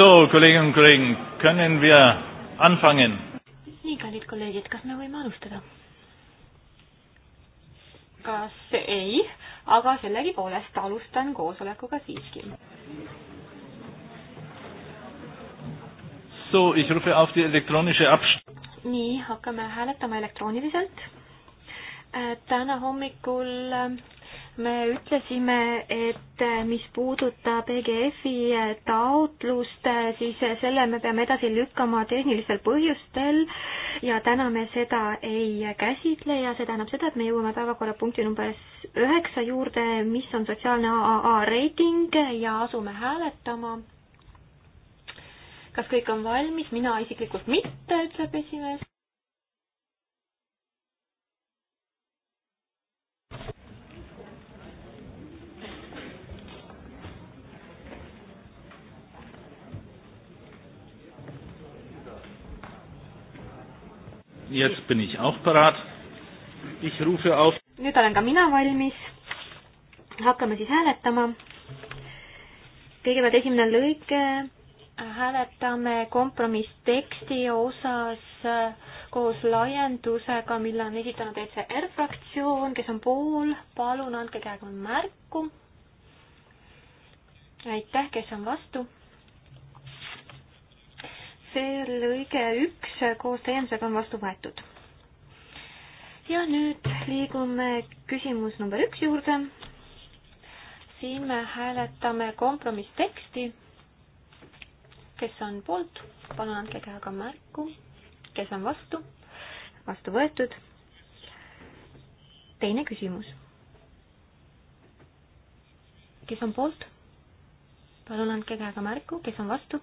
So, Kolleginnen und Kollegen, können wir anfangen? nii, kallid kolleegid, kas me võime alustada? kas ei, aga sellegipoolest alustan koosolekuga siiski. So, ich rufe auf die elektronische Abst-. nii, hakkame hääletama elektrooniliselt. Äh, täna hommikul äh, me ütlesime, et eh, mis puudutab EGF-i eh, taotlust, eh, siis selle me peame edasi lükkama tehnilistel põhjustel ja täna me seda ei käsitle ja see tähendab seda, et me jõuame päevakorrapunkti number üheksa juurde, mis on sotsiaalne AAA reiting ja asume hääletama. kas kõik on valmis, mina isiklikult mitte, ütleb esimees. Jetzt bin ich auch parat. Ich rufe auf. nüüd olen ka mina valmis. hakkame siis hääletama. kõigepealt esimene lõige. hääletame kompromissteksti osas koos laiendusega, mille on esitanud ECR fraktsioon, kes on pool. palun andke käega märku. aitäh, kes on vastu see lõige üks koos täiendusega on vastu võetud. ja nüüd liigume küsimus number üks juurde. siin me hääletame kompromissteksti. kes on poolt, palun andke käega märku. kes on vastu, vastu võetud. teine küsimus. kes on poolt? palun andke käega märku, kes on vastu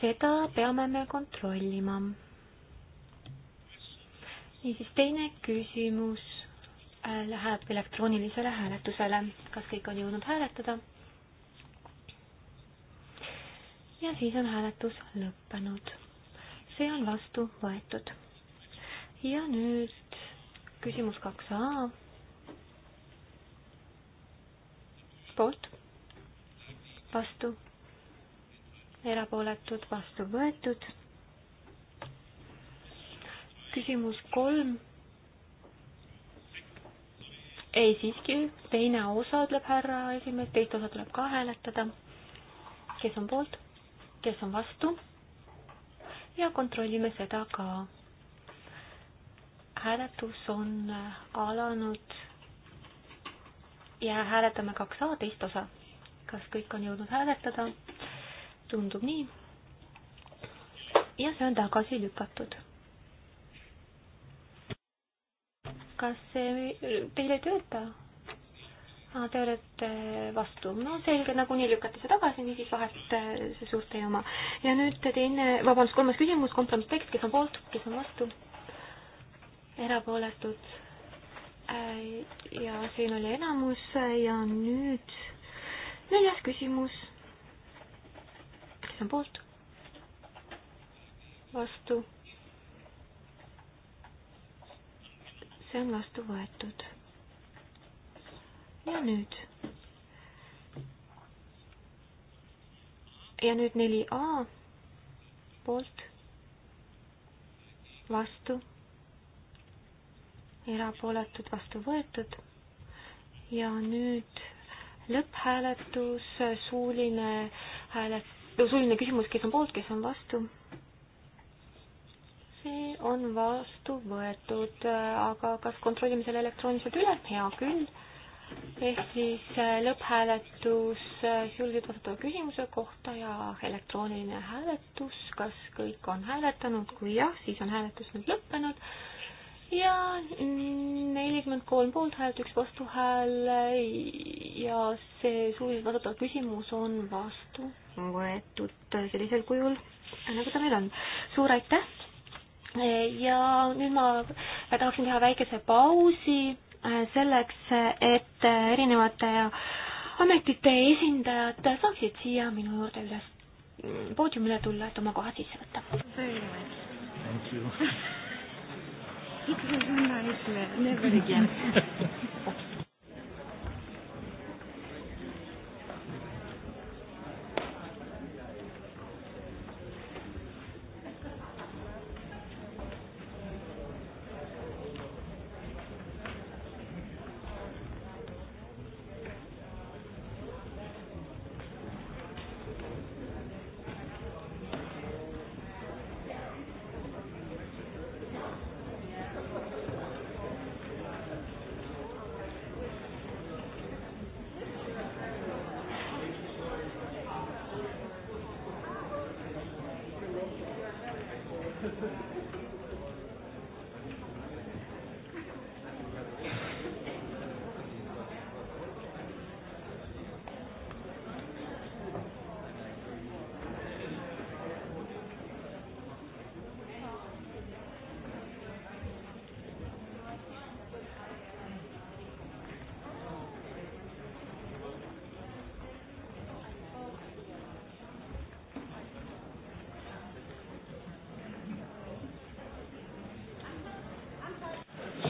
seda peame me kontrollima. niisiis, teine küsimus äh, läheb elektroonilisele hääletusele. kas kõik on jõudnud hääletada? ja siis on hääletus lõppenud. see on vastu võetud. ja nüüd küsimus kaks A. poolt, vastu erapooletud, vastu võetud. küsimus kolm. ei, siiski teine osa, ütleb härra esimees, teist osa tuleb ka hääletada. kes on poolt, kes on vastu? ja kontrollime seda ka. hääletus on alanud ja hääletame kaks A teist osa. kas kõik on jõudnud hääletada? tundub nii. ja see on tagasi lükatud. kas see teil ei tööta? aa, te olete vastu. no selge, nagunii lükati see tagasi, niisiis vahet äh, see suurt ei oma. ja nüüd teine, vabandust, kolmas küsimus, kompromisstekst, kes on poolt, kes on vastu? erapooletud. Äh, ja siin oli enamus äh, ja nüüd neljas küsimus kes on poolt, vastu. see on vastu võetud. ja nüüd. ja nüüd neli A poolt, vastu, erapooletud, vastu võetud ja nüüd lõpphääletus, suuline hääletus suuline küsimus, kes on poolt, kes on vastu? see on vastu võetud, aga kas kontrollime selle elektrooniliselt üle? hea küll. ehk siis äh, lõpphääletus äh, sisuliselt vastutava küsimuse kohta ja elektrooniline hääletus, kas kõik on hääletanud, kui jah, siis on hääletus nüüd lõppenud ja nelikümmend kolm poolthäält, üks vastuhääl ja see suuliselt vastatav küsimus on vastu võetud sellisel kujul, nagu ta meil on. suur aitäh! ja nüüd ma tahaksin teha väikese pausi selleks, et erinevate ametite esindajad saaksid siia minu juurde üles poodiumile tulla, et oma koha sisse võtta. Thank you. It was a nightmare. Never again.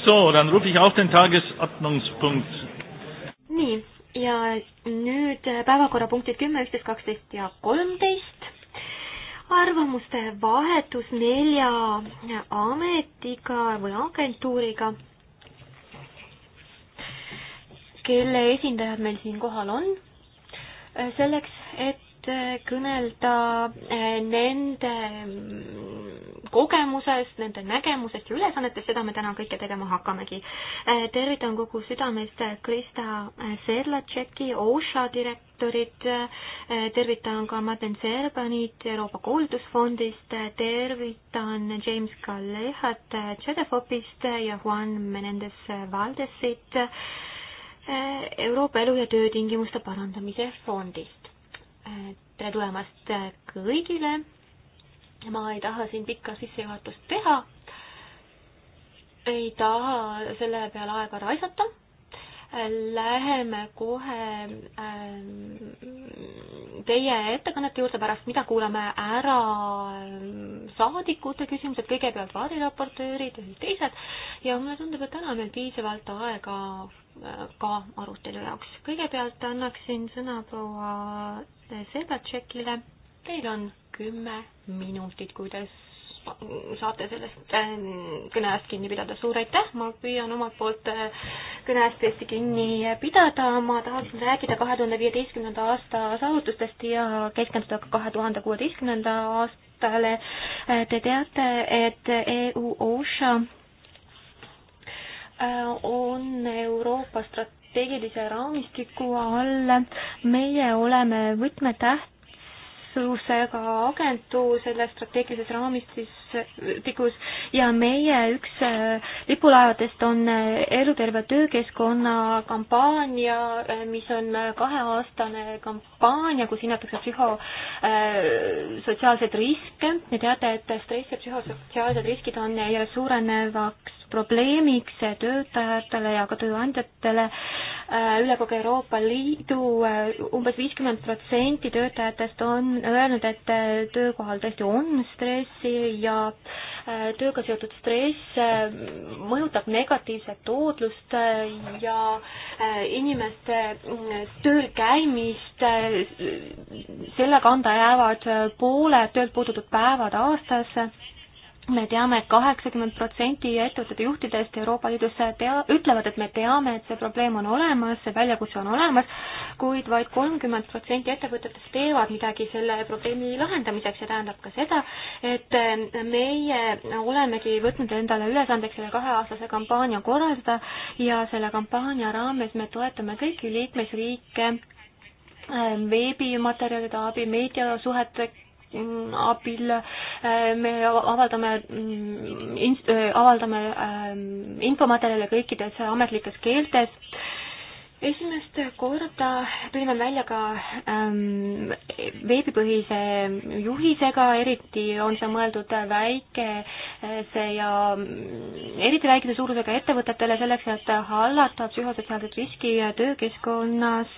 So, dann rufe ich auf den Tagesordnungspunkt. nii, ja nüüd äh, päevakorrapunktid kümme, üksteist, kaksteist ja kolmteist. arvamuste vahetus nelja ametiga või agentuuriga, kelle esindajad meil siin kohal on, äh, selleks, et äh, kõnelda nende kogemusest, nende nägemusest ja ülesannetest, seda me täna kõike tegema hakkamegi. Äh, tervitan kogu südamest Krista Serlatšeki, OSHA direktorit, äh, tervitan ka Madlen Serbanit Euroopa Koolitusfondist, äh, tervitan James Kalehat Tšedefopist ja Juan Menendez Valdesit Euroopa Elu- ja Töötingimuste Parandamise Fondist. tere tulemast kõigile ma ei taha siin pikka sissejuhatust teha, ei taha selle peale aega raisata. Läheme kohe ähm, teie ettekannete juurde, pärast mida kuulame ära ähm, saadikute küsimused, kõigepealt vaadiraportöörid ja siis teised ja mulle tundub, et täna on meil piisavalt aega äh, ka arutelu jaoks. kõigepealt annaksin sõna proua Sebatšekile Teil on kümme minutit, kui te saate sellest äh, kõne ajast kinni pidada. suur aitäh, ma püüan omalt poolt äh, kõne ajast tõesti kinni pidada. ma tahaksin rääkida kahe tuhande viieteistkümnenda aasta saavutustest ja keskenduda ka kahe tuhande kuueteistkümnenda aastale. Äh, te teate, et EU OSHA on Euroopa strateegilise raamistiku all. meie oleme võtmetäht tähtsusega agentuur selles strateegilises raamistikus ja meie üks äh, lipulaevadest on äh, eluterve töökeskkonna kampaania, äh, mis on kaheaastane kampaania, kus hinnatakse psühhosotsiaalseid riske. Te teate, et stress ja psühhosotsiaalsed riskid on järjest suurenevaks probleemiks töötajatele ja ka tööandjatele äh, üle kogu Euroopa Liidu äh, umbes viiskümmend protsenti töötajatest on öelnud, et äh, töökohal tõesti on stressi ja tööga seotud stress mõjutab negatiivset tootlust ja inimeste mm, tööl käimist, selle kanda jäävad pooled töölt puudutud päevad aastas me teame et, et kaheksakümmend protsenti ettevõtete juhtidest Euroopa Liidus tea-, ütlevad, et me teame, et see probleem on olemas, see väljakutse on olemas, kuid vaid kolmkümmend protsenti ettevõtetest teevad midagi selle probleemi lahendamiseks, see tähendab ka seda, et meie olemegi võtnud endale ülesandeks selle kaheaastase kampaania korraldada ja selle kampaania raames me toetame kõiki liikmesriike ähm, veebimaterjalide abi, meediasuhete abil me avaldame mm, inst-, avaldame mm, infomaterjale kõikides ametlikes keeltes esimest korda tulime välja ka ähm, veebipõhise juhisega, eriti on see mõeldud väikese ja mm, eriti väikese suurusega ettevõtetele selleks, et hallata psühhosotsiaalset riski töökeskkonnas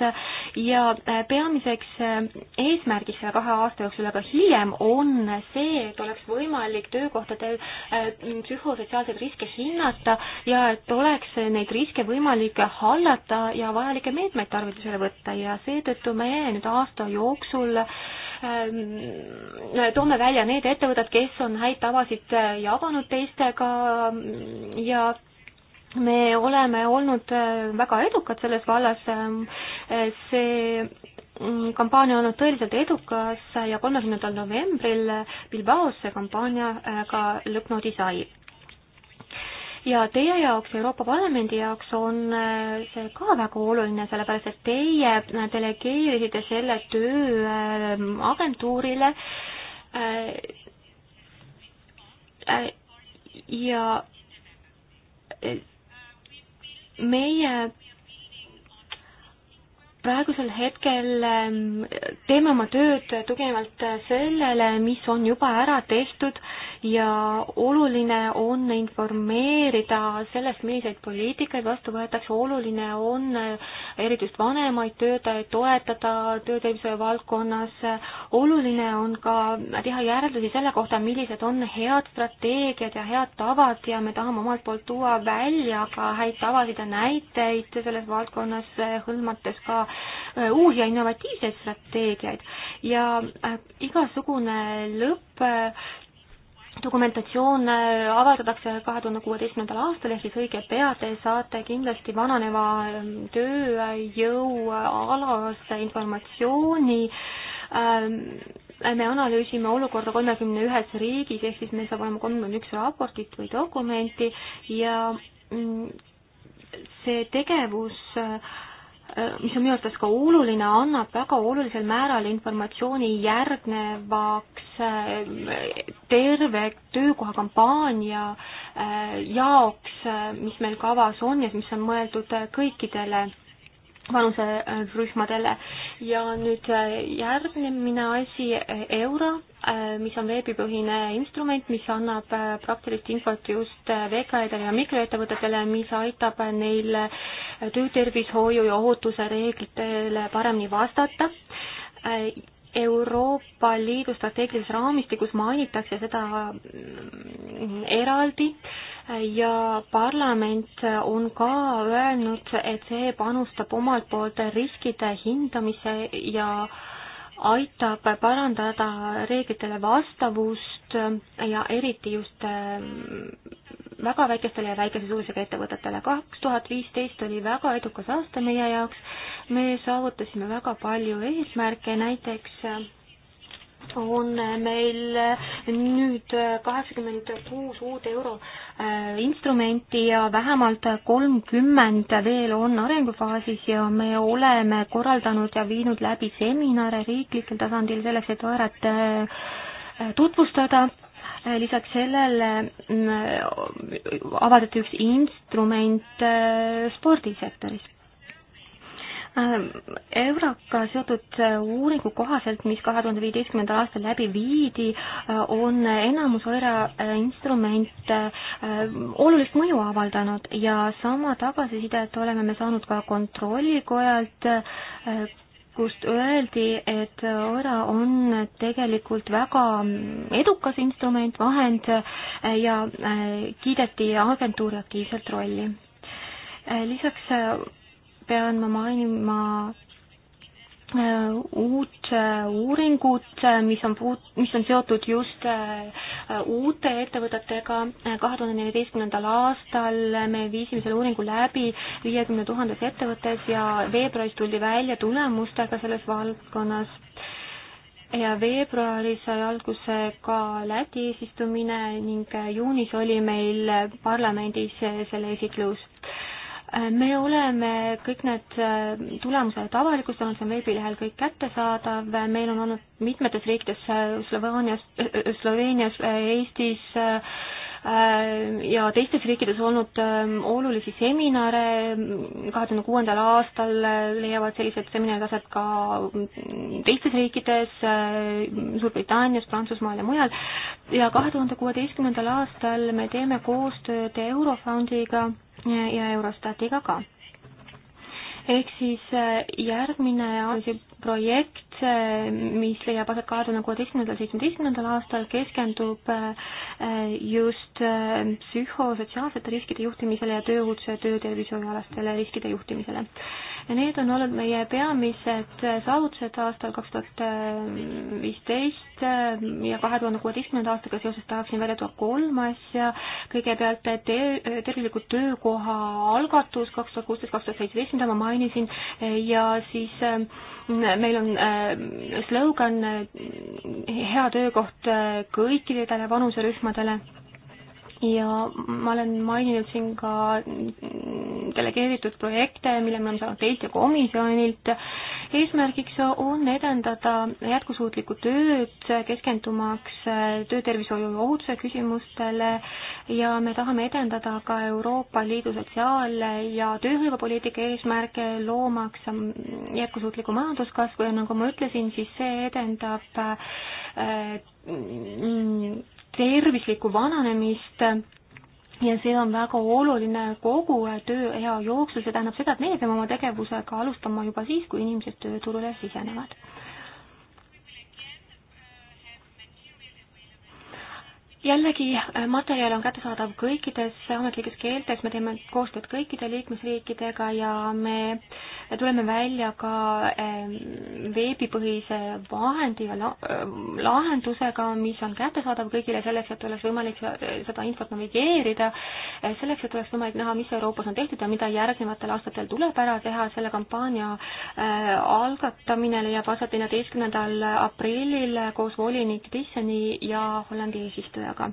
ja äh, peamiseks äh, eesmärgiks selle kahe aasta jooksul, aga hiljem on see, et oleks võimalik töökohtadel äh, psühhosotsiaalseid riske hinnata ja et oleks neid riske võimalik hallata ja vaja vajalikke meetmeid tarvitusele võtta ja seetõttu me nüüd aasta jooksul ähm, toome välja need ettevõtted, kes on häid tavasid äh, jaganud teistega ja me oleme olnud äh, väga edukad selles vallas. Ähm, see mm, kampaania on olnud tõeliselt edukas ja kolmekümnendal novembril Bilbaos see kampaania ka lõppnoodi sai ja teie jaoks, Euroopa Parlamendi jaoks on äh, see ka väga oluline, sellepärast et teie äh, delegeerisite selle töö äh, agentuurile ja meie praegusel hetkel ähm, teeme oma tööd tuginevalt sellele, mis on juba ära tehtud äh, ja oluline on informeerida sellest, milliseid poliitikaid vastu võetakse, oluline on eriti just vanemaid töötajaid toetada töötervishoiu valdkonnas, oluline on ka teha järeldusi selle kohta, millised on head strateegiad ja head tavad ja me tahame omalt poolt tuua välja ka häid tavasid ja näiteid selles valdkonnas, hõlmates ka äh, uusi ja innovatiivseid strateegiaid ja äh, igasugune lõpp äh, dokumentatsioon äh, avaldatakse kahe tuhande kuueteistkümnendal aastal ehk siis õige pea te saate kindlasti vananeva ähm, tööjõu äh, alast informatsiooni ähm, me analüüsime olukorda kolmekümne ühes riigis, ehk siis meil saab olema kolmkümmend üks raportit või dokumenti ja mm, see tegevus äh, Äh, mis on minu arvates ka oluline, annab väga olulisel määral informatsiooni järgnevaks äh, terve töökoha kampaania äh, jaoks, mis meil kavas on ja mis on mõeldud kõikidele vanuserühmadele ja nüüd äh, järgmine asi, äh, Eura, äh, mis on veebipõhine instrument, mis annab praktilist infot just VKE-dele ja mikroettevõtetele, mis aitab neil töötervishoiu ja ohutuse reeglitele paremini vastata. Euroopa Liidu strateegilises raamistikus mainitakse seda mm, eraldi äh, ja parlament on ka öelnud, et see panustab omalt poolt riskide hindamise ja aitab parandada reeglitele vastavust ja eriti just ähm, väga väikestele ja väikese suurusega ettevõtetele. kaks tuhat viisteist oli väga edukas aasta meie jaoks, me saavutasime väga palju eesmärke, näiteks on meil nüüd kaheksakümmend kuus uut euro äh, instrumenti ja vähemalt kolmkümmend veel on arengufaasis ja me oleme korraldanud ja viinud läbi seminare riiklikul tasandil selleks, et võõrat äh, tutvustada äh, lisaks sellele mm, avaldati üks instrument spordisektoris. Ähm, Euroga seotud äh, uuringu kohaselt, mis kahe tuhande viieteistkümnendal aastal läbi viidi, äh, on enamus OIRA äh, instrumente olulist mõju avaldanud ja sama tagasisidet oleme me saanud ka kontrollikojalt, kust öeldi, et ORA on tegelikult väga mm, edukas instrument, vahend ja kiideti agentuuri aktiivselt rolli. lisaks pean ma mainima äh, uut äh, uuringut, äh, mis on puut-, mis on seotud just uute ettevõtetega. kahe tuhande neljateistkümnendal aastal me viisime selle uuringu läbi viiekümne tuhandes ettevõttes ja veebruaris tuldi välja tulemustega selles valdkonnas. ja veebruaris sai alguse ka Läti eesistumine ning juunis oli meil parlamendis selle esitlus me oleme kõik need äh, tulemused avalikustanud, see on veebilehel kõik kättesaadav, meil on olnud mitmetes riikides äh, Sloveenias, Sloveenias, äh, Eestis äh, Ähm, ja teistes riikides olnud ähm, olulisi seminare, mm, kahe tuhande kuuendal aastal äh, leiavad sellised seminarid aset ka mm, teistes riikides, äh, Suurbritannias, Prantsusmaal ja mujal, ja kahe tuhande kuueteistkümnendal aastal me teeme koostööd Eurofondiga äh, ja Eurostatiga ka ehk siis järgmine projekt, eh, mis leiab aset kahe tuhande kuueteistkümnendal, seitsmeteistkümnendal aastal, keskendub eh, just eh, psühhosotsiaalsete riskide juhtimisele ja tööohutuse ja töötervishoiualastele riskide juhtimisele. Need on olnud meie peamised saavutused aastal kaks tuhat viisteist ja kahe tuhande kuueteistkümnenda aastaga seoses tahaksin välja tuua kolm asja. kõigepealt töö, tervisliku töökoha algatus kaks tuhat kuusteist, kaks tuhat seitseteist, mida ma mainisin ja siis meil on äh, slogan äh, hea töökoht äh, kõikidele vanuserühmadele ja ma olen maininud siin ka delegeeritud projekte, mille me oleme saanud teilt ja komisjonilt. eesmärgiks on edendada jätkusuutlikku tööd, keskendumaks töötervishoiu ja ohutuse küsimustele ja me tahame edendada ka Euroopa Liidu sotsiaal- ja tööhõivepoliitika eesmärke, loomaks jätkusuutlikku majanduskasvu ja nagu ma ütlesin, siis see edendab äh, tervislikku vananemist ja see on väga oluline kogu tööea jooksul, see tähendab seda, et meie peame oma tegevusega alustama juba siis, kui inimesed tööturule sisenevad jällegi, äh, materjal on kättesaadav kõikides ametlikes keeltes, me teeme koostööd kõikide liikmesriikidega ja me tuleme välja ka ähm, veebipõhise vahendi ja äh, lahendusega, mis on kättesaadav kõigile selleks, et oleks võimalik seda infot navigeerida, äh, selleks, et oleks võimalik näha, mis Euroopas on tehtud ja mida järgnevatel aastatel tuleb ära teha, selle kampaania algatamine leiab aset neljateistkümnendal aprillil koos volinik Thyssoni ja Hollandi eesistujaga aga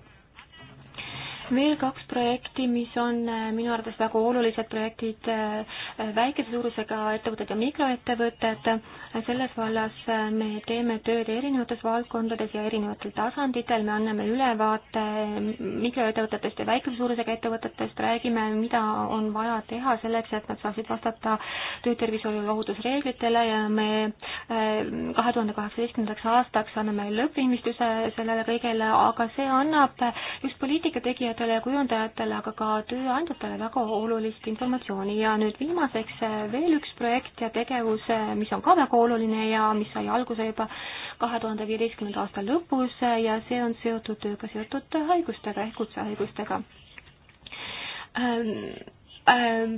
veel kaks projekti, mis on äh, minu arvates väga olulised projektid, äh, väikese suurusega ettevõtted ja mikroettevõtted. selles vallas äh, me teeme tööd erinevates valdkondades ja erinevatel tasanditel, me anname ülevaate mikroettevõtetest ja väikese suurusega ettevõtetest, räägime, mida on vaja teha selleks, et nad saaksid vastata töötervishoiu ja ohutusreeglitele ja me kahe tuhande kaheksateistkümnendaks aastaks anname lõppinvestuse sellele kõigele, aga see annab just poliitikategijatele töötajatele ja kujundajatele, aga ka tööandjatele väga olulist informatsiooni ja nüüd viimaseks eh, veel üks projekt ja tegevus, eh, mis on ka väga oluline ja mis sai alguse juba kahe tuhande viieteistkümnenda aasta lõpus eh, ja see on seotud tööga seotud haigustega ehk kutsehaigustega ähm, ähm,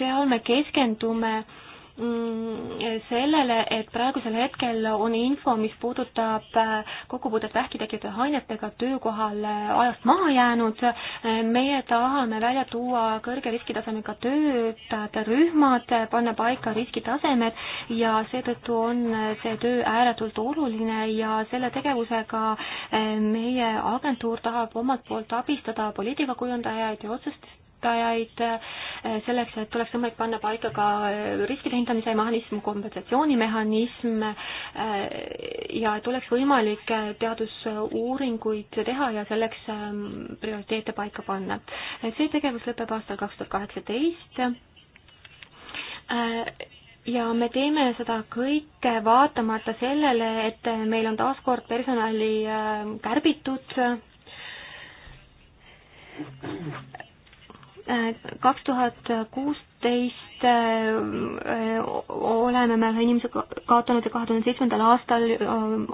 seal me keskendume äh, Mm, sellele, et praegusel hetkel on info, mis puudutab äh, kokkupuudet vähki tekitavate ainetega töökohal äh, ajast maha jäänud. Äh, meie tahame välja tuua kõrge riskitasemega töötajate rühmad, panna paika riskitasemed ja seetõttu on see töö ääretult oluline ja selle tegevusega meie agentuur tahab omalt poolt abistada poliitikakujundajaid ja otsust töötajaid eh, selleks, et oleks võimalik panna paika ka eh, riskide hindamise mehhanism, kompensatsioonimehhanism eh, ja et oleks võimalik teadusuuringuid teha ja selleks ehm, prioriteete paika panna. see tegevus lõpeb aastal kaks tuhat kaheksateist ja me teeme seda kõike vaatamata sellele, et meil on taaskord personali kärbitud kaks tuhat kuusteist äh, oleme me ühe inimese kaotanud ja kahe tuhande seitsmendal aastal äh,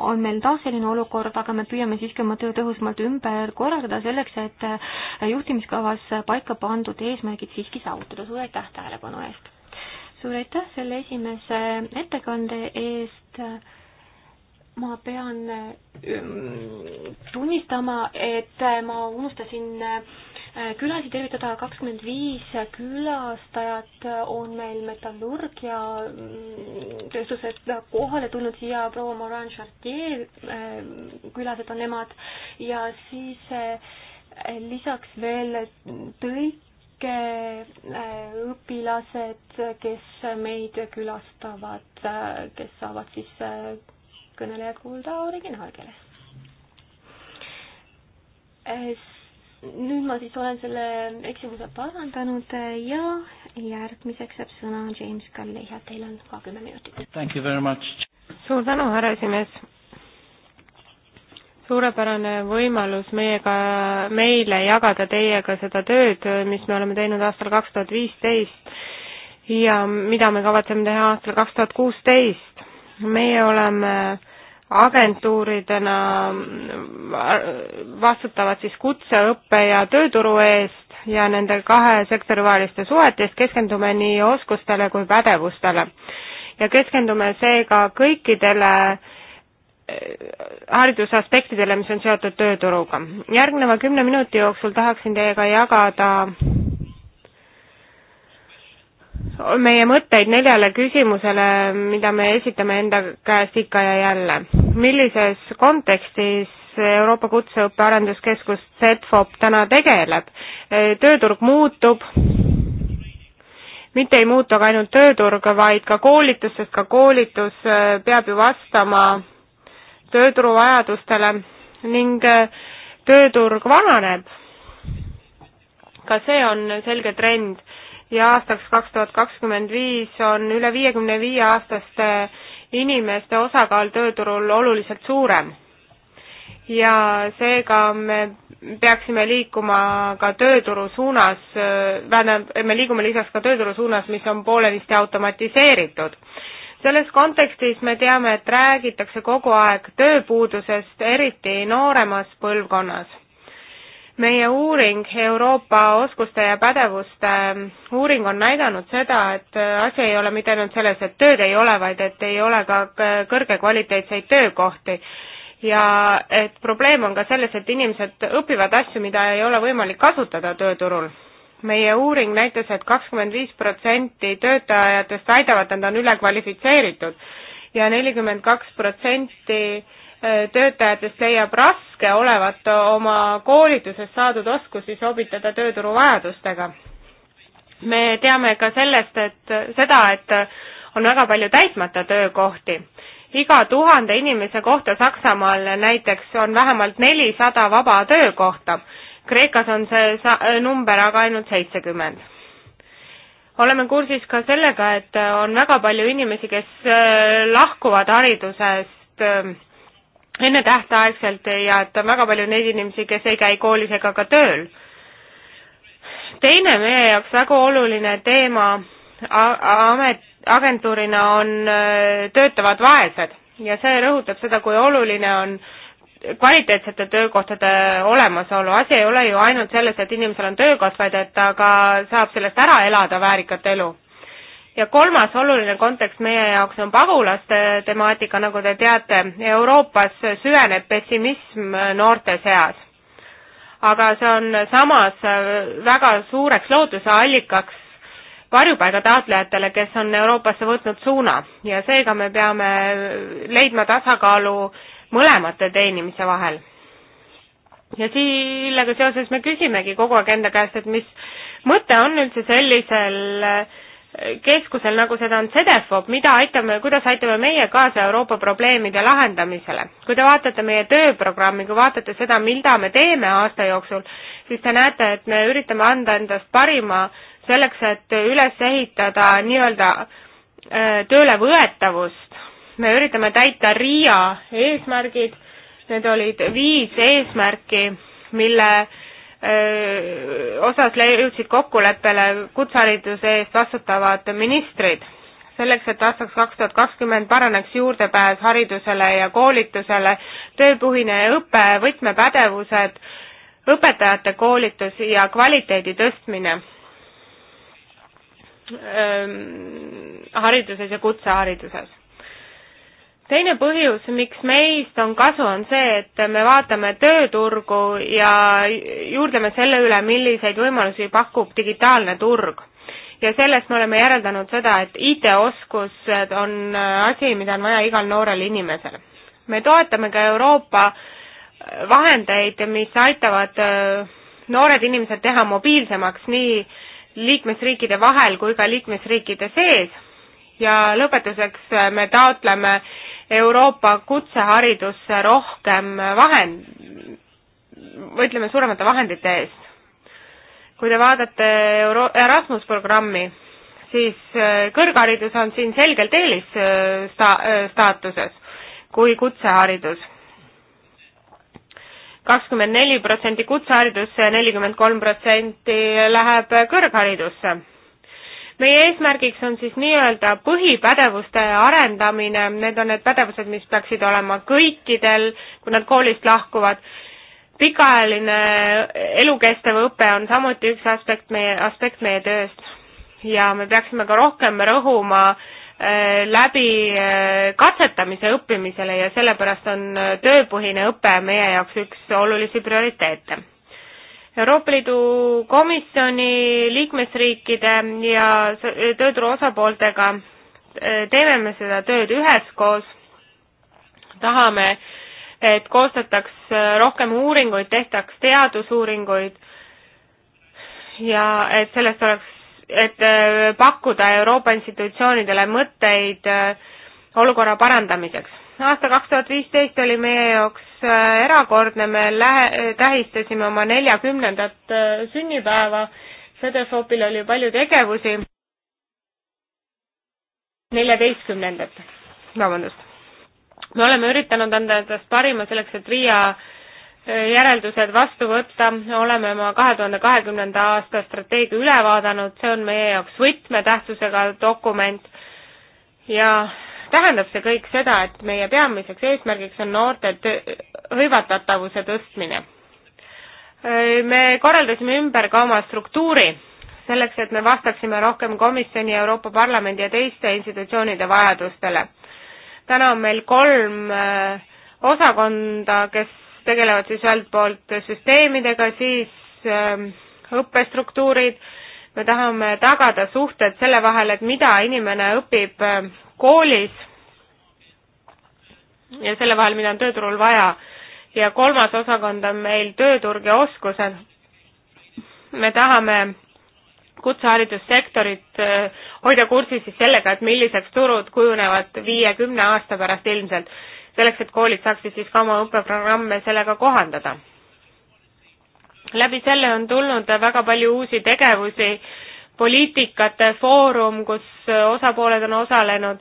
on meil taas selline olukord, aga me püüame siiski oma töö tõhusamalt ümber korraldada selleks, et äh, juhtimiskavas paika pandud eesmärgid siiski saavutada. suur aitäh tähelepanu eest! suur aitäh selle esimese ettekande eest ma pean tunnistama, et ma unustasin Äh, külasid tervitada, kakskümmend viis külastajat on meil metallurgia mm, tööstusest kohale tulnud siia, proua Morin Chartier äh, külased on nemad ja siis äh, lisaks veel tõlke õpilased, kes meid külastavad, kes saavad siis kõnelejad kuulda originaalkeeles nüüd ma siis olen selle eksimuse parandanud ja järgmiseks saab sõna James Cully ja teil on ka kümme minutit. suur tänu, härra esimees! suurepärane võimalus meiega, meile jagada teiega seda tööd, mis me oleme teinud aastal kaks tuhat viisteist ja mida me kavatseme teha aastal kaks tuhat kuusteist. meie oleme äh, agentuuridena vastutavad siis kutseõppe ja tööturu eest ja nende kahe sektori vaheliste suhete eest keskendume nii oskustele kui pädevustele. ja keskendume seega kõikidele eh, haridusaspektidele, mis on seotud tööturuga. järgneva kümne minuti jooksul tahaksin teiega jagada meie mõtteid neljale küsimusele, mida me esitame enda käest ikka ja jälle. millises kontekstis Euroopa Kutseõppe Arenduskeskus ZFOP täna tegeleb? tööturg muutub, mitte ei muutu aga ainult tööturg, vaid ka koolitus, sest ka koolitus peab ju vastama tööturu vajadustele ning tööturg vananeb. ka see on selge trend ja aastaks kaks tuhat kakskümmend viis on üle viiekümne viie aastaste inimeste osakaal tööturul oluliselt suurem. ja seega me peaksime liikuma ka tööturu suunas, tähendab, me liigume lisaks ka tööturu suunas, mis on poolenisti automatiseeritud selles kontekstis me teame, et räägitakse kogu aeg tööpuudusest, eriti nooremas põlvkonnas meie uuring, Euroopa oskuste ja pädevuste ähm, uuring on näidanud seda, et äh, asi ei ole mitte ainult selles, et tööd ei ole, vaid et ei ole ka kõrgekvaliteetseid töökohti. ja et probleem on ka selles, et inimesed õpivad asju, mida ei ole võimalik kasutada tööturul. meie uuring näitas et, et kakskümmend viis protsenti töötajatest väidavad, et nad on ülekvalifitseeritud ja nelikümmend kaks protsenti Äh, töötajatest leiab raske olevat oma koolituses saadud oskusi sobitada tööturu vajadustega. me teame ka sellest, et seda, et on väga palju täitmata töökohti. iga tuhande inimese kohta Saksamaal näiteks on vähemalt nelisada vaba töökohta. Kreekas on see number aga ainult seitsekümmend oleme kursis ka sellega, et on väga palju inimesi, kes äh, lahkuvad haridusest äh, ennetähtaegselt ja et on väga palju neid inimesi, kes ei käi koolis ega ka tööl. teine meie jaoks väga oluline teema amet, agentuurina on äh, töötavad vaesed ja see rõhutab seda, kui oluline on kvaliteetsete töökohtade olemasolu, asi ei ole ju ainult selles, et inimesel on töökoht, vaid et ta ka saab sellest ära elada väärikat elu ja kolmas oluline kontekst meie jaoks on pagulaste temaatika, nagu te teate, Euroopas süveneb pessimism noorte seas. aga see on samas väga suureks lootuse allikaks varjupaiga taotlejatele, kes on Euroopasse võtnud suuna ja seega me peame leidma tasakaalu mõlemate teenimise vahel. ja sellega seoses me küsimegi kogu aeg enda käest, et mis mõte on üldse sellisel äh, keskusel, nagu seda on CEDEFOP, mida aitame, kuidas aitame meie kaasa Euroopa probleemide lahendamisele. kui te vaatate meie tööprogrammi, kui vaatate seda, mida me teeme aasta jooksul, siis te näete, et me üritame anda endast parima selleks, et üles ehitada nii-öelda äh, tööle võetavust. me üritame täita RIA eesmärgid, need olid viis eesmärki, mille osas jõudsid kokkuleppele kutsehariduse eest vastutavad ministrid. selleks, et aastaks kaks tuhat kakskümmend paraneks juurdepääs haridusele ja koolitusele, tööpõhine õpe, võtmepädevused, õpetajate koolitus ja kvaliteedi tõstmine hariduses ja kutsehariduses teine põhjus, miks meist on kasu, on see, et me vaatame tööturgu ja juurdleme selle üle, milliseid võimalusi pakub digitaalne turg. ja sellest me oleme järeldanud seda, et IT-oskused on asi, mida on vaja igal noorel inimesel. me toetame ka Euroopa vahendeid, mis aitavad noored inimesed teha mobiilsemaks nii liikmesriikide vahel kui ka liikmesriikide sees ja lõpetuseks me taotleme Euroopa kutseharidusse rohkem vahend, ütleme suuremate vahendite eest. kui te vaatate Euro-, Erasmus programmi, siis äh, kõrgharidus on siin selgelt eelis äh, sta-, äh, staatuses kui kutseharidus. kakskümmend neli protsenti kutseharidusse ja nelikümmend kolm protsenti läheb kõrgharidusse meie eesmärgiks on siis nii-öelda põhipädevuste arendamine, need on need pädevused, mis peaksid olema kõikidel, kui nad koolist lahkuvad. pikaajaline elukestev õpe on samuti üks aspekt meie, aspekt meie tööst ja me peaksime ka rohkem rõhuma äh, läbi äh, katsetamise õppimisele ja sellepärast on äh, tööpõhine õpe meie jaoks üks olulisi prioriteete Euroopa Liidu komisjoni liikmesriikide ja tööturu osapooltega äh, teeme me seda tööd üheskoos, tahame, et koostataks äh, rohkem uuringuid, tehtaks teadusuuringuid ja et sellest oleks, et äh, pakkuda Euroopa institutsioonidele mõtteid olukorra parandamiseks. aasta kaks tuhat viisteist oli meie jaoks just äh, erakordne, me lähe-, tähistasime oma neljakümnendat äh, sünnipäeva, Fedefopil oli palju tegevusi, neljateistkümnendat, vabandust. me oleme üritanud anda endast parima selleks, et viia äh, järeldused vastu võtta, oleme oma kahe tuhande kahekümnenda aasta strateegia üle vaadanud, see on meie jaoks võtmetähtsusega dokument ja tähendab see kõik seda, et meie peamiseks eesmärgiks on noorte hõivatatavuse tõstmine. me korraldasime ümber ka oma struktuuri, selleks et me vastaksime rohkem komisjoni, Euroopa Parlamendi ja teiste institutsioonide vajadustele. täna on meil kolm äh, osakonda, kes tegelevad siis ühelt poolt süsteemidega, siis ähm, õppestruktuurid, me tahame tagada suhted selle vahel, et mida inimene õpib ähm, koolis ja selle vahel, mida on tööturul vaja. ja kolmas osakond on meil tööturg ja oskused. me tahame kutseharidussektorit äh, hoida kursis siis sellega, et milliseks turud kujunevad viie-kümne aasta pärast ilmselt, selleks et koolid saaksid siis ka oma õppeprogramme sellega kohandada. läbi selle on tulnud väga palju uusi tegevusi poliitikate foorum, kus osapooled on osalenud,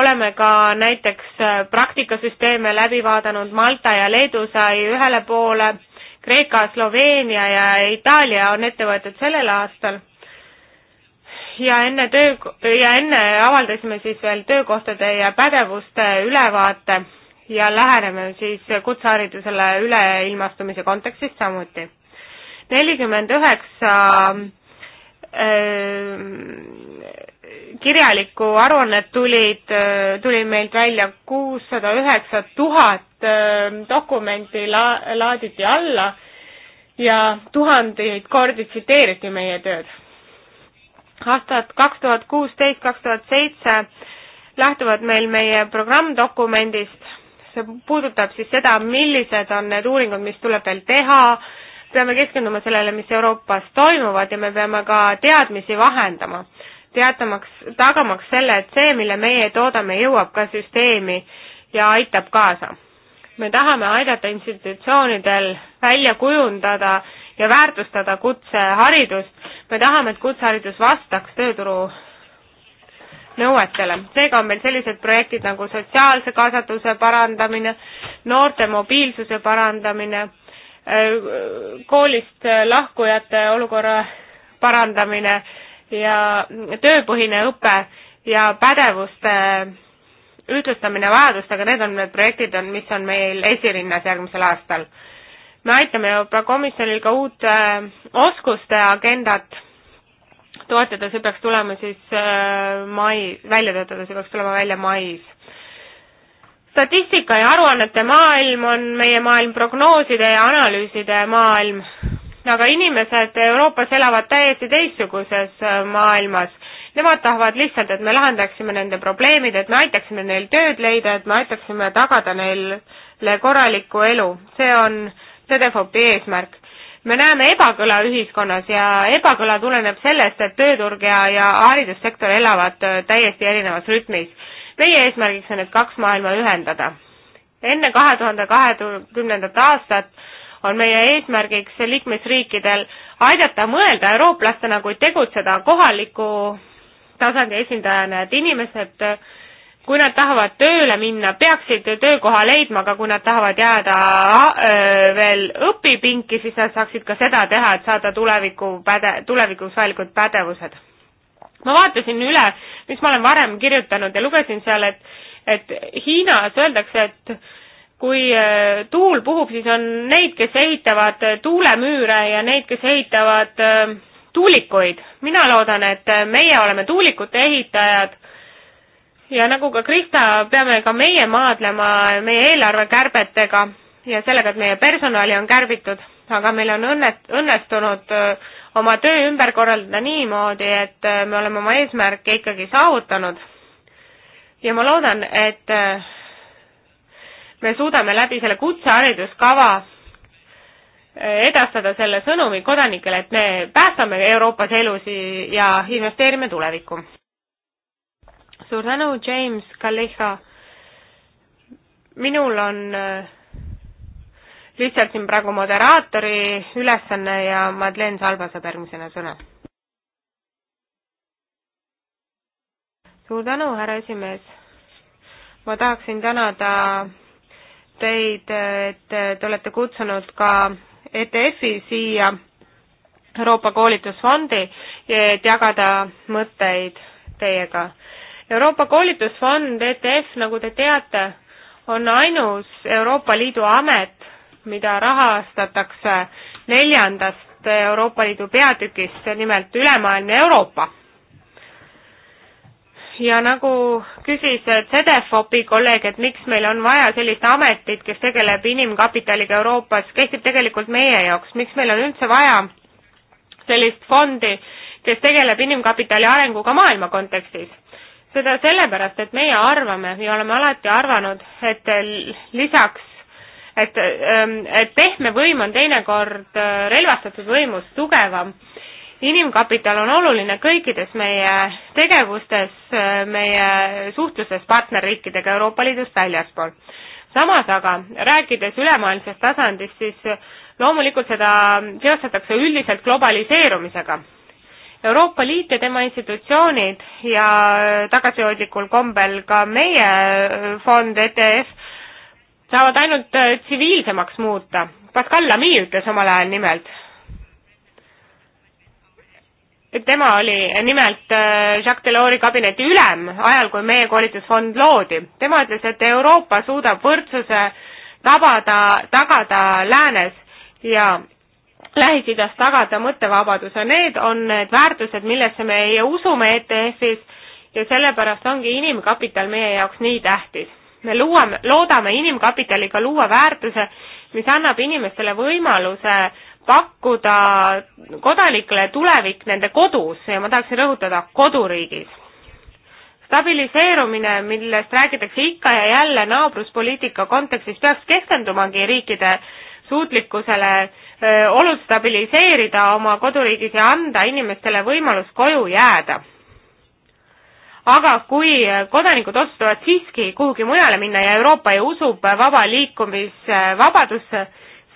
oleme ka näiteks praktikasüsteeme läbi vaadanud, Malta ja Leedu sai ühele poole, Kreeka, Sloveenia ja Itaalia on ette võetud sellel aastal ja enne töö, ja enne avaldasime siis veel töökohtade ja pädevuste ülevaate ja läheneme siis kutseharidusele üleilmastumise kontekstis samuti. nelikümmend üheksa Ehm, kirjalikku aruannet tulid, tuli meilt välja kuussada üheksa tuhat ehm, dokumenti la-, laaditi alla ja tuhandeid kordi tsiteeriti meie tööd. aastad kaks tuhat kuusteist, kaks tuhat seitse lähtuvad meil meie programmdokumendist, see puudutab siis seda, millised on need uuringud, mis tuleb veel teha, peame keskenduma sellele, mis Euroopas toimuvad ja me peame ka teadmisi vahendama, teatamaks, tagamaks selle, et see, mille meie toodame, jõuab ka süsteemi ja aitab kaasa. me tahame aidata institutsioonidel välja kujundada ja väärtustada kutseharidust, me tahame, et kutseharidus vastaks tööturu nõuetele. seega on meil sellised projektid nagu sotsiaalse kaasatuse parandamine, noorte mobiilsuse parandamine Äh, koolist lahkujate olukorra parandamine ja tööpõhine õpe ja pädevuste ühtlustamine vajadustega, need on need projektid, on, mis on meil esirinnas järgmisel aastal. me aitame Euroopa Komisjonil ka uut äh, oskuste agendat toetada, see peaks tulema siis äh, mai, välja töötada, see peaks tulema välja mais statistika ja aruannete maailm on meie maailm, prognooside ja analüüside maailm, aga inimesed Euroopas elavad täiesti teistsuguses äh, maailmas. Nemad tahavad lihtsalt, et me lahendaksime nende probleemid, et me aitaksime neil tööd leida, et me aitaksime tagada neile korraliku elu. see on TEDEFOP-i eesmärk me näeme ebakõla ühiskonnas ja ebakõla tuleneb sellest, et tööturg ja, ja haridussektor elavad äh, täiesti erinevas rütmis. Teie eesmärgiks on need kaks maailma ühendada. enne kahe tuhande kahekümnendat aastat on meie eesmärgiks liikmesriikidel aidata mõelda eurooplastena, kuid tegutseda kohaliku tasandi esindajana, et inimesed, kui nad tahavad tööle minna, peaksid töökoha leidma, aga kui nad tahavad jääda äh, veel õpipinki, siis nad saaksid ka seda teha, et saada tuleviku päde-, tulevikuks vajalikud pädevused ma vaatasin üle, mis ma olen varem kirjutanud ja lugesin seal, et, et Hiinas öeldakse, et kui äh, tuul puhub, siis on neid, kes ehitavad äh, tuulemüüre ja neid, kes ehitavad äh, tuulikuid. mina loodan, et meie oleme tuulikute ehitajad ja nagu ka Krista, peame ka meie maadlema meie eelarvekärbetega ja sellega, et meie personali on kärbitud, aga meil on õnnet-, õnnestunud oma töö ümber korraldada niimoodi, et äh, me oleme oma eesmärke ikkagi saavutanud. ja ma loodan, et äh, me suudame läbi selle kutsehariduskava äh, edastada selle sõnumi kodanikele, et me päästame Euroopas elusi ja investeerime tulevikku. suur tänu, James Kaleha. minul on äh, lihtsalt siin praegu moderaatori ülesanne ja Madlen Salva saab järgmisena sõna. suur tänu, härra esimees. ma tahaksin tänada teid, et te olete kutsunud ka ETF-i siia Euroopa koolitusfondi, et jagada mõtteid teiega. Euroopa koolitusfond ETF, nagu te teate, on ainus Euroopa Liidu amet, mida rahastatakse neljandast Euroopa Liidu peatükist, nimelt Ülemaailmne Euroopa. ja nagu küsis CDFOP-i kolleeg, et miks meil on vaja sellist ametit, kes tegeleb inimkapitaliga Euroopas, kehtib tegelikult meie jaoks, miks meil on üldse vaja sellist fondi, kes tegeleb inimkapitali arenguga maailma kontekstis seda sellepärast, et meie arvame ja oleme alati arvanud, et lisaks et, ähm, et pehme võim on teinekord äh, relvastatud võimust tugevam. inimkapital on oluline kõikides meie tegevustes, äh, meie suhtluses partnerriikidega Euroopa Liidust väljaspool. samas aga, rääkides ülemaailmsest tasandist, siis loomulikult seda seostatakse üldiselt globaliseerumisega Euroopa Liit ja tema institutsioonid ja tagasihoidlikul kombel ka meie fond ETF saavad ainult äh, tsiviilsemaks muuta. Pascal Lamy ütles omal ajal nimelt, et tema oli nimelt äh, Jacques Delors'i kabineti ülem ajal, kui meie koolitusfond loodi. tema ütles, et Euroopa suudab võrdsuse tabada, tagada läänes ja Lähis-Idas tagada mõttevabaduse, need on need väärtused, millesse meie usume ETF-is ja sellepärast ongi inimkapital meie jaoks nii tähtis me luuame, loodame inimkapitaliga luua väärtuse, mis annab inimestele võimaluse pakkuda kodanikele tulevik nende kodus ja ma tahaksin rõhutada, koduriigis. stabiliseerumine, millest räägitakse ikka ja jälle naabruspoliitika kontekstis, peaks keskendumagi riikide suutlikkusele öö, olud stabiliseerida oma koduriigis ja anda inimestele võimalus koju jääda aga kui kodanikud otsustavad siiski kuhugi mujale minna ja Euroopa ju usub vaba liikumisvabadusse,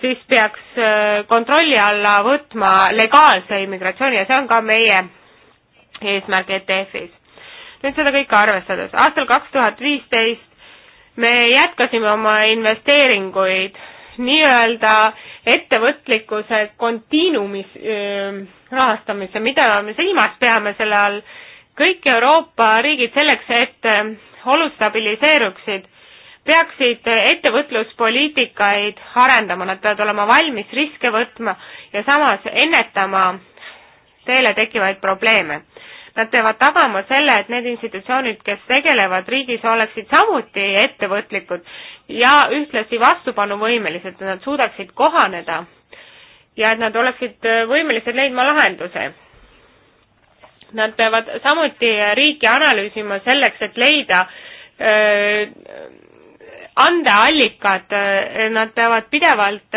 siis peaks äh, kontrolli alla võtma legaalse immigratsiooni ja see on ka meie eesmärk ETF-is. nüüd seda kõike arvestades, aastal kaks tuhat viisteist me jätkasime oma investeeringuid nii-öelda ettevõtlikkuse kontiinumis äh, rahastamise, mida me silmas peame selle all äh,, kõik Euroopa riigid selleks, et äh, olud stabiliseeruksid, peaksid äh, ettevõtluspoliitikaid arendama, nad peavad olema valmis riske võtma ja samas ennetama teele tekkivaid probleeme. Nad peavad tagama selle, et need institutsioonid, kes tegelevad riigis, oleksid samuti ettevõtlikud ja ühtlasi vastupanuvõimelised, et nad suudaksid kohaneda ja et nad oleksid äh, võimelised leidma lahenduse Nad peavad samuti riiki analüüsima selleks, et leida andeallikad, nad peavad pidevalt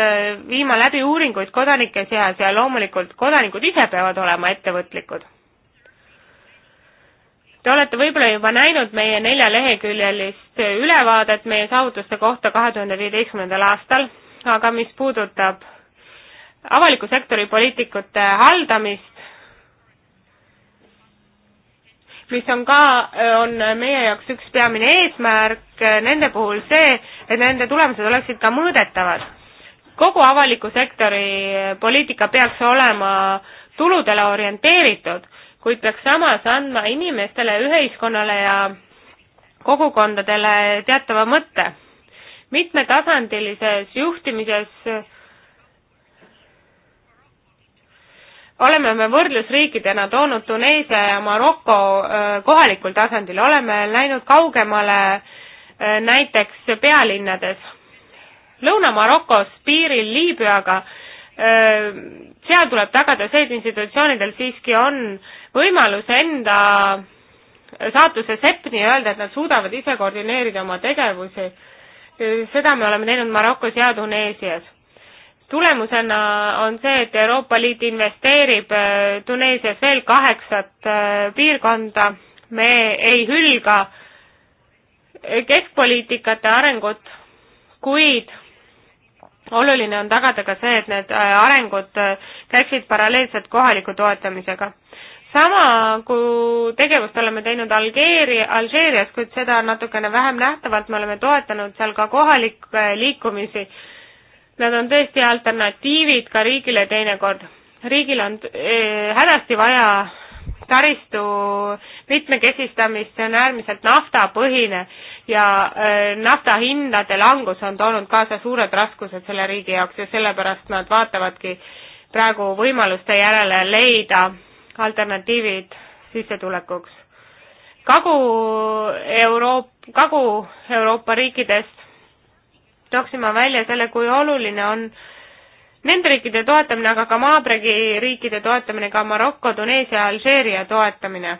viima läbi uuringuid kodanike seas ja loomulikult kodanikud ise peavad olema ettevõtlikud. Te olete võib-olla juba näinud meie neljaleheküljelist ülevaadet meie saavutuste kohta kahe tuhande viieteistkümnendal aastal, aga mis puudutab avaliku sektori poliitikute haldamist, mis on ka, on meie jaoks üks peamine eesmärk nende puhul see, et nende tulemused oleksid ka mõõdetavad. kogu avaliku sektori poliitika peaks olema tuludele orienteeritud, kuid peaks samas andma inimestele, ühiskonnale ja kogukondadele teatava mõtte. mitmetasandilises juhtimises oleme me võrdlusriikidena toonud Tuneesia ja Maroko kohalikul tasandil, oleme läinud kaugemale näiteks pealinnades. Lõuna-Marokos piiril Liibüaga, seal tuleb tagada see, et institutsioonidel siiski on võimalus enda saatuse sepp nii-öelda, et nad suudavad ise koordineerida oma tegevusi. seda me oleme teinud Marokos ja Tuneesias tulemusena on see, et Euroopa Liit investeerib äh, Tuneesias veel kaheksat äh, piirkonda, me ei hülga äh, keskpoliitikate arengut, kuid oluline on tagada ka see, et need arengud käiksid paralleelselt kohaliku toetamisega. sama kui tegevust oleme teinud Algeeri-, Alžeerias, kuid seda natukene vähem nähtavalt, me oleme toetanud seal ka kohalikke liikumisi äh, Nad on tõesti alternatiivid ka riigile teinekord. riigil on eh, hädasti vaja taristu mitmekesistamist, see on äärmiselt naftapõhine ja eh, naftahindade langus on toonud kaasa suured raskused selle riigi jaoks ja sellepärast nad vaatavadki praegu võimaluste järele leida alternatiivid sissetulekuks. Kagu-Euroop-, Kagu-Euroopa riikidest tooksime välja selle, kui oluline on nende riikide toetamine, aga ka Maabregi riikide toetamine, ka Maroko, Tuneesia, Alžeeria toetamine.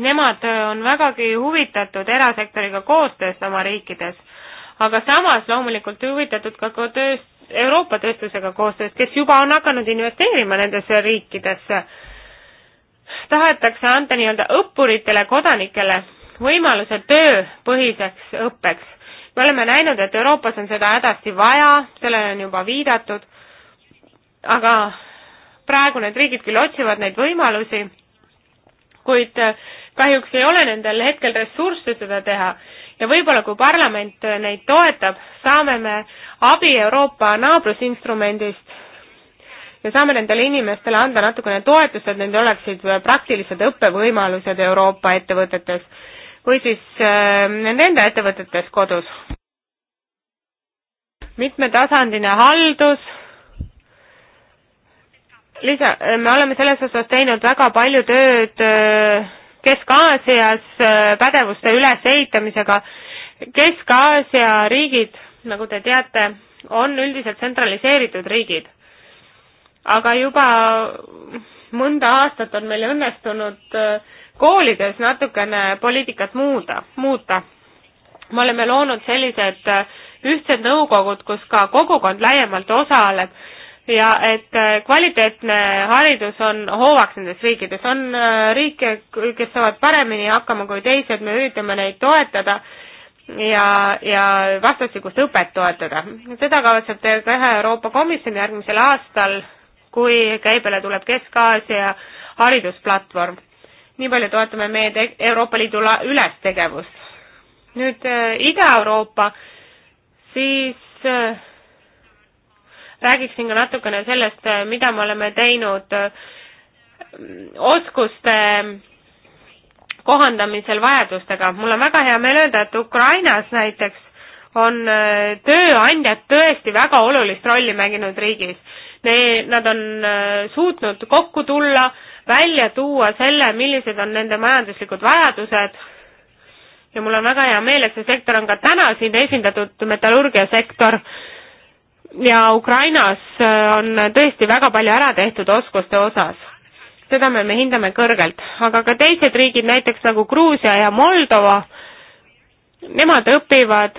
Nemad äh, on vägagi huvitatud erasektoriga koostööst oma riikides, aga samas loomulikult huvitatud ka tööst, Euroopa tööstusega koostööst, kes juba on hakanud investeerima nendesse riikidesse. tahetakse anda nii-öelda õppuritele, kodanikele võimaluse tööpõhiseks õppeks me oleme näinud, et Euroopas on seda hädasti vaja, sellele on juba viidatud, aga praegu need riigid küll otsivad neid võimalusi, kuid äh, kahjuks ei ole nendel hetkel ressursse seda teha ja võib-olla kui parlament äh, neid toetab, saame me abi Euroopa naabrusinstrumendist ja saame nendele inimestele anda natukene toetust, et neil oleksid äh, praktilised õppevõimalused Euroopa ettevõtetes või siis äh, nende enda ettevõtetes kodus. mitmetasandine haldus, lisa, äh, me oleme selles osas teinud väga palju tööd äh, Kesk-Aasias pädevuste ülesehitamisega. Kesk-Aasia riigid, nagu te teate, on üldiselt tsentraliseeritud riigid. aga juba mõnda aastat on meil õnnestunud äh, koolides natukene poliitikat muuda, muuta. me oleme loonud sellised äh, ühtsed nõukogud, kus ka kogukond laiemalt osaleb ja et äh, kvaliteetne haridus on hoovaks nendes riikides, on äh, riike, kes saavad paremini hakkama kui teised, me üritame neid toetada ja, ja vastastikust õpet toetada. seda kavatseb teha Euroopa Komisjon järgmisel aastal, kui käibele tuleb Kesk-Aasia haridusplatvorm nii palju toetame meie te-, Euroopa Liidu üles tegevust. nüüd äh, Ida-Euroopa, siis äh, räägiksin ka natukene sellest, äh, mida me oleme teinud äh, oskuste äh, kohandamisel vajadustega. mul on väga hea meel öelda, et Ukrainas näiteks on tööandjad tõesti väga olulist rolli mänginud riigis. Nad on suutnud kokku tulla äh, välja tuua selle, millised on nende majanduslikud vajadused ja mul on väga hea meel, et see sektor on ka täna siin esindatud, metallurgiasektor, ja Ukrainas äh, on tõesti väga palju ära tehtud oskuste osas. seda me, me hindame kõrgelt, aga ka teised riigid, näiteks nagu Gruusia ja Moldova, nemad õpivad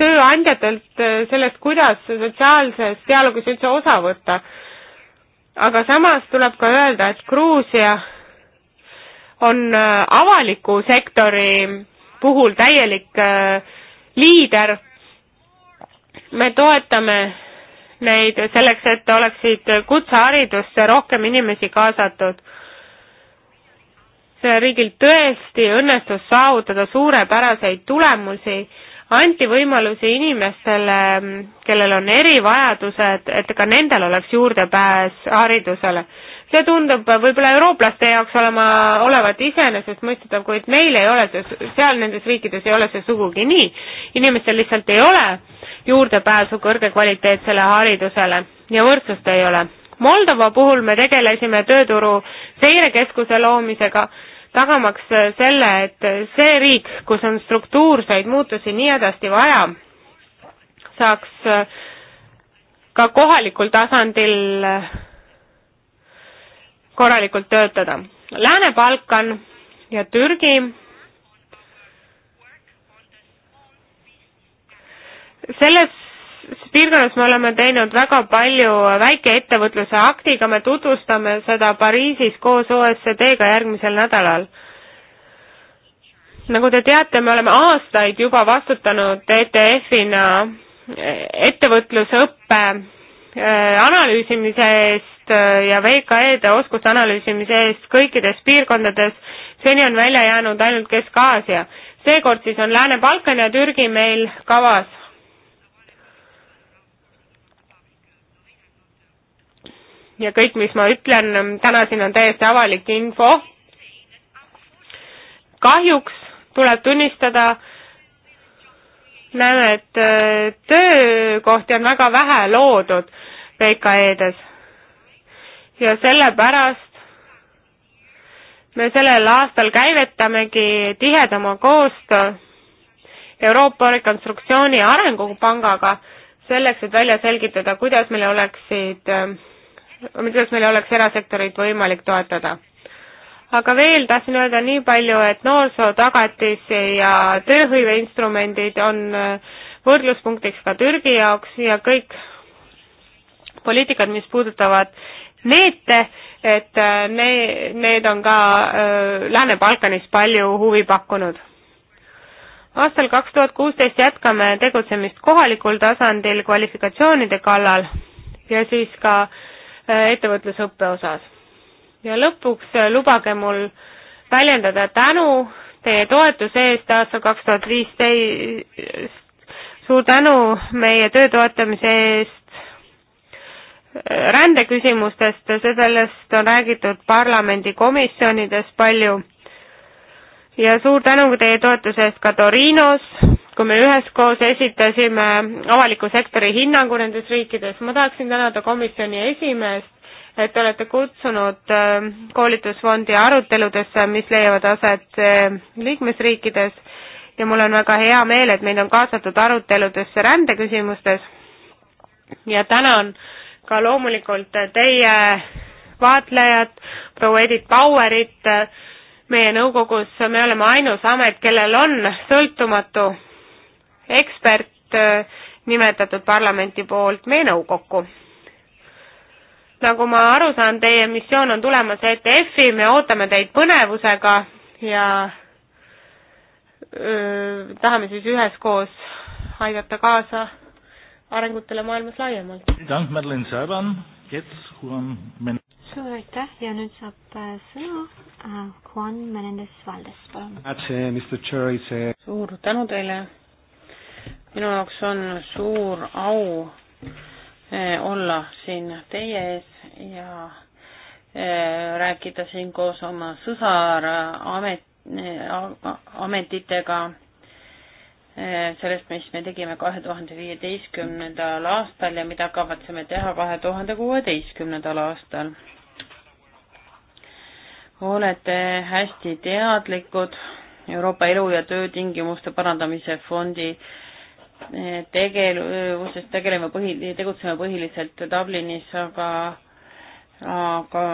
tööandjatelt äh, sellest, kuidas sotsiaalses dialoogis üldse osa võtta. aga samas tuleb ka öelda, et Gruusia on äh, avaliku sektori puhul täielik äh, liider. me toetame neid selleks, et oleksid kutseharidusse rohkem inimesi kaasatud. sellel riigil tõesti õnnestus saavutada suurepäraseid tulemusi anti võimalusi inimestele, kellel on erivajadused, et ka nendel oleks juurdepääs haridusele. see tundub võib-olla eurooplaste jaoks olema, olevat iseenesestmõistetav, kuid meil ei ole see, seal nendes riikides ei ole see sugugi nii. inimestel lihtsalt ei ole juurdepääsu kõrgekvaliteetsele haridusele ja võrdsust ei ole. Moldova puhul me tegelesime tööturu seirekeskuse loomisega tagamaks äh, selle, et äh, see riik, kus on struktuurseid muutusi nii hädasti vaja, saaks äh, ka kohalikul tasandil korralikult töötada. Lääne-Balkan ja Türgi selles piirkonnas me oleme teinud väga palju väikeettevõtluse aktiga, me tutvustame seda Pariisis koos OECD-ga järgmisel nädalal nagu te teate, me oleme aastaid juba vastutanud ETF-ina ettevõtlusõppe äh, analüüsimise eest äh, ja VKE-de oskuste analüüsimise eest kõikides piirkondades. seni on välja jäänud ainult Kesk-Aasia. seekord siis on Lääne-Balkan ja Türgi meil kavas ja kõik, mis ma ütlen täna siin on täiesti avalik info. kahjuks tuleb tunnistada, näeme, et äh, töökohti on väga vähe loodud VKE-des ja sellepärast me sellel aastal käivetamegi tihedama koostöö Euroopa Rekonstruktsiooni Arengupangaga selleks, et välja selgitada, kuidas meil oleksid äh, kuidas meil oleks erasektorit võimalik toetada. aga veel tahtsin öelda nii palju, et noorsootagatis ja tööhõiveinstrumendid on äh, võrdluspunktiks ka Türgi jaoks ja kõik poliitikad, mis puudutavad neete, et äh, ne-, need on ka äh, Lääne-Balkanis palju huvi pakkunud aastal kaks tuhat kuusteist jätkame tegutsemist kohalikul tasandil kvalifikatsioonide kallal ja siis ka Äh, ettevõtlusõppe osas. ja lõpuks äh, lubage mul väljendada tänu teie toetuse eest aastal kaks tuhat viisteist, suur tänu meie töö toetamise eest äh, rändeküsimustest, sellest on räägitud parlamendikomisjonides palju ja suur tänu teie toetuse eest ka Torinos kui me üheskoos esitasime avaliku sektori hinnangu nendes riikides. ma tahaksin tänada komisjoni esimeest, et te olete kutsunud ähm, koolitusfondi aruteludesse, mis leiavad aset ähm, liikmesriikides ja mul on väga hea meel, et meid on kaasatud aruteludesse rändeküsimustes ja tänan ka loomulikult teie vaatlejat, proua Edith Bauerit, meie nõukogus me oleme ainus amet, kellel on sõltumatu ekspert äh, nimetatud parlamenti poolt meie nõukokku. nagu ma aru saan, teie missioon on tulemas ETF-i, me ootame teid põnevusega ja öö, äh, tahame siis üheskoos aidata kaasa arengutele maailmas laiemalt. suur aitäh ja nüüd saab äh, sõna Juan Menendez Valdes, palun. suur tänu teile minu jaoks on suur au eh, olla siin teie ees ja eh, rääkida siin koos oma sõsaramet, eh, ametitega sellest, mis me tegime kahe tuhande viieteistkümnendal aastal ja mida kavatseme teha kahe tuhande kuueteistkümnendal aastal. olete hästi teadlikud Euroopa Elu- ja Töötingimuste Parandamise Fondi äh, tegevuses tegeleme põhi, tegutseme põhiliselt Dublinis, aga, aga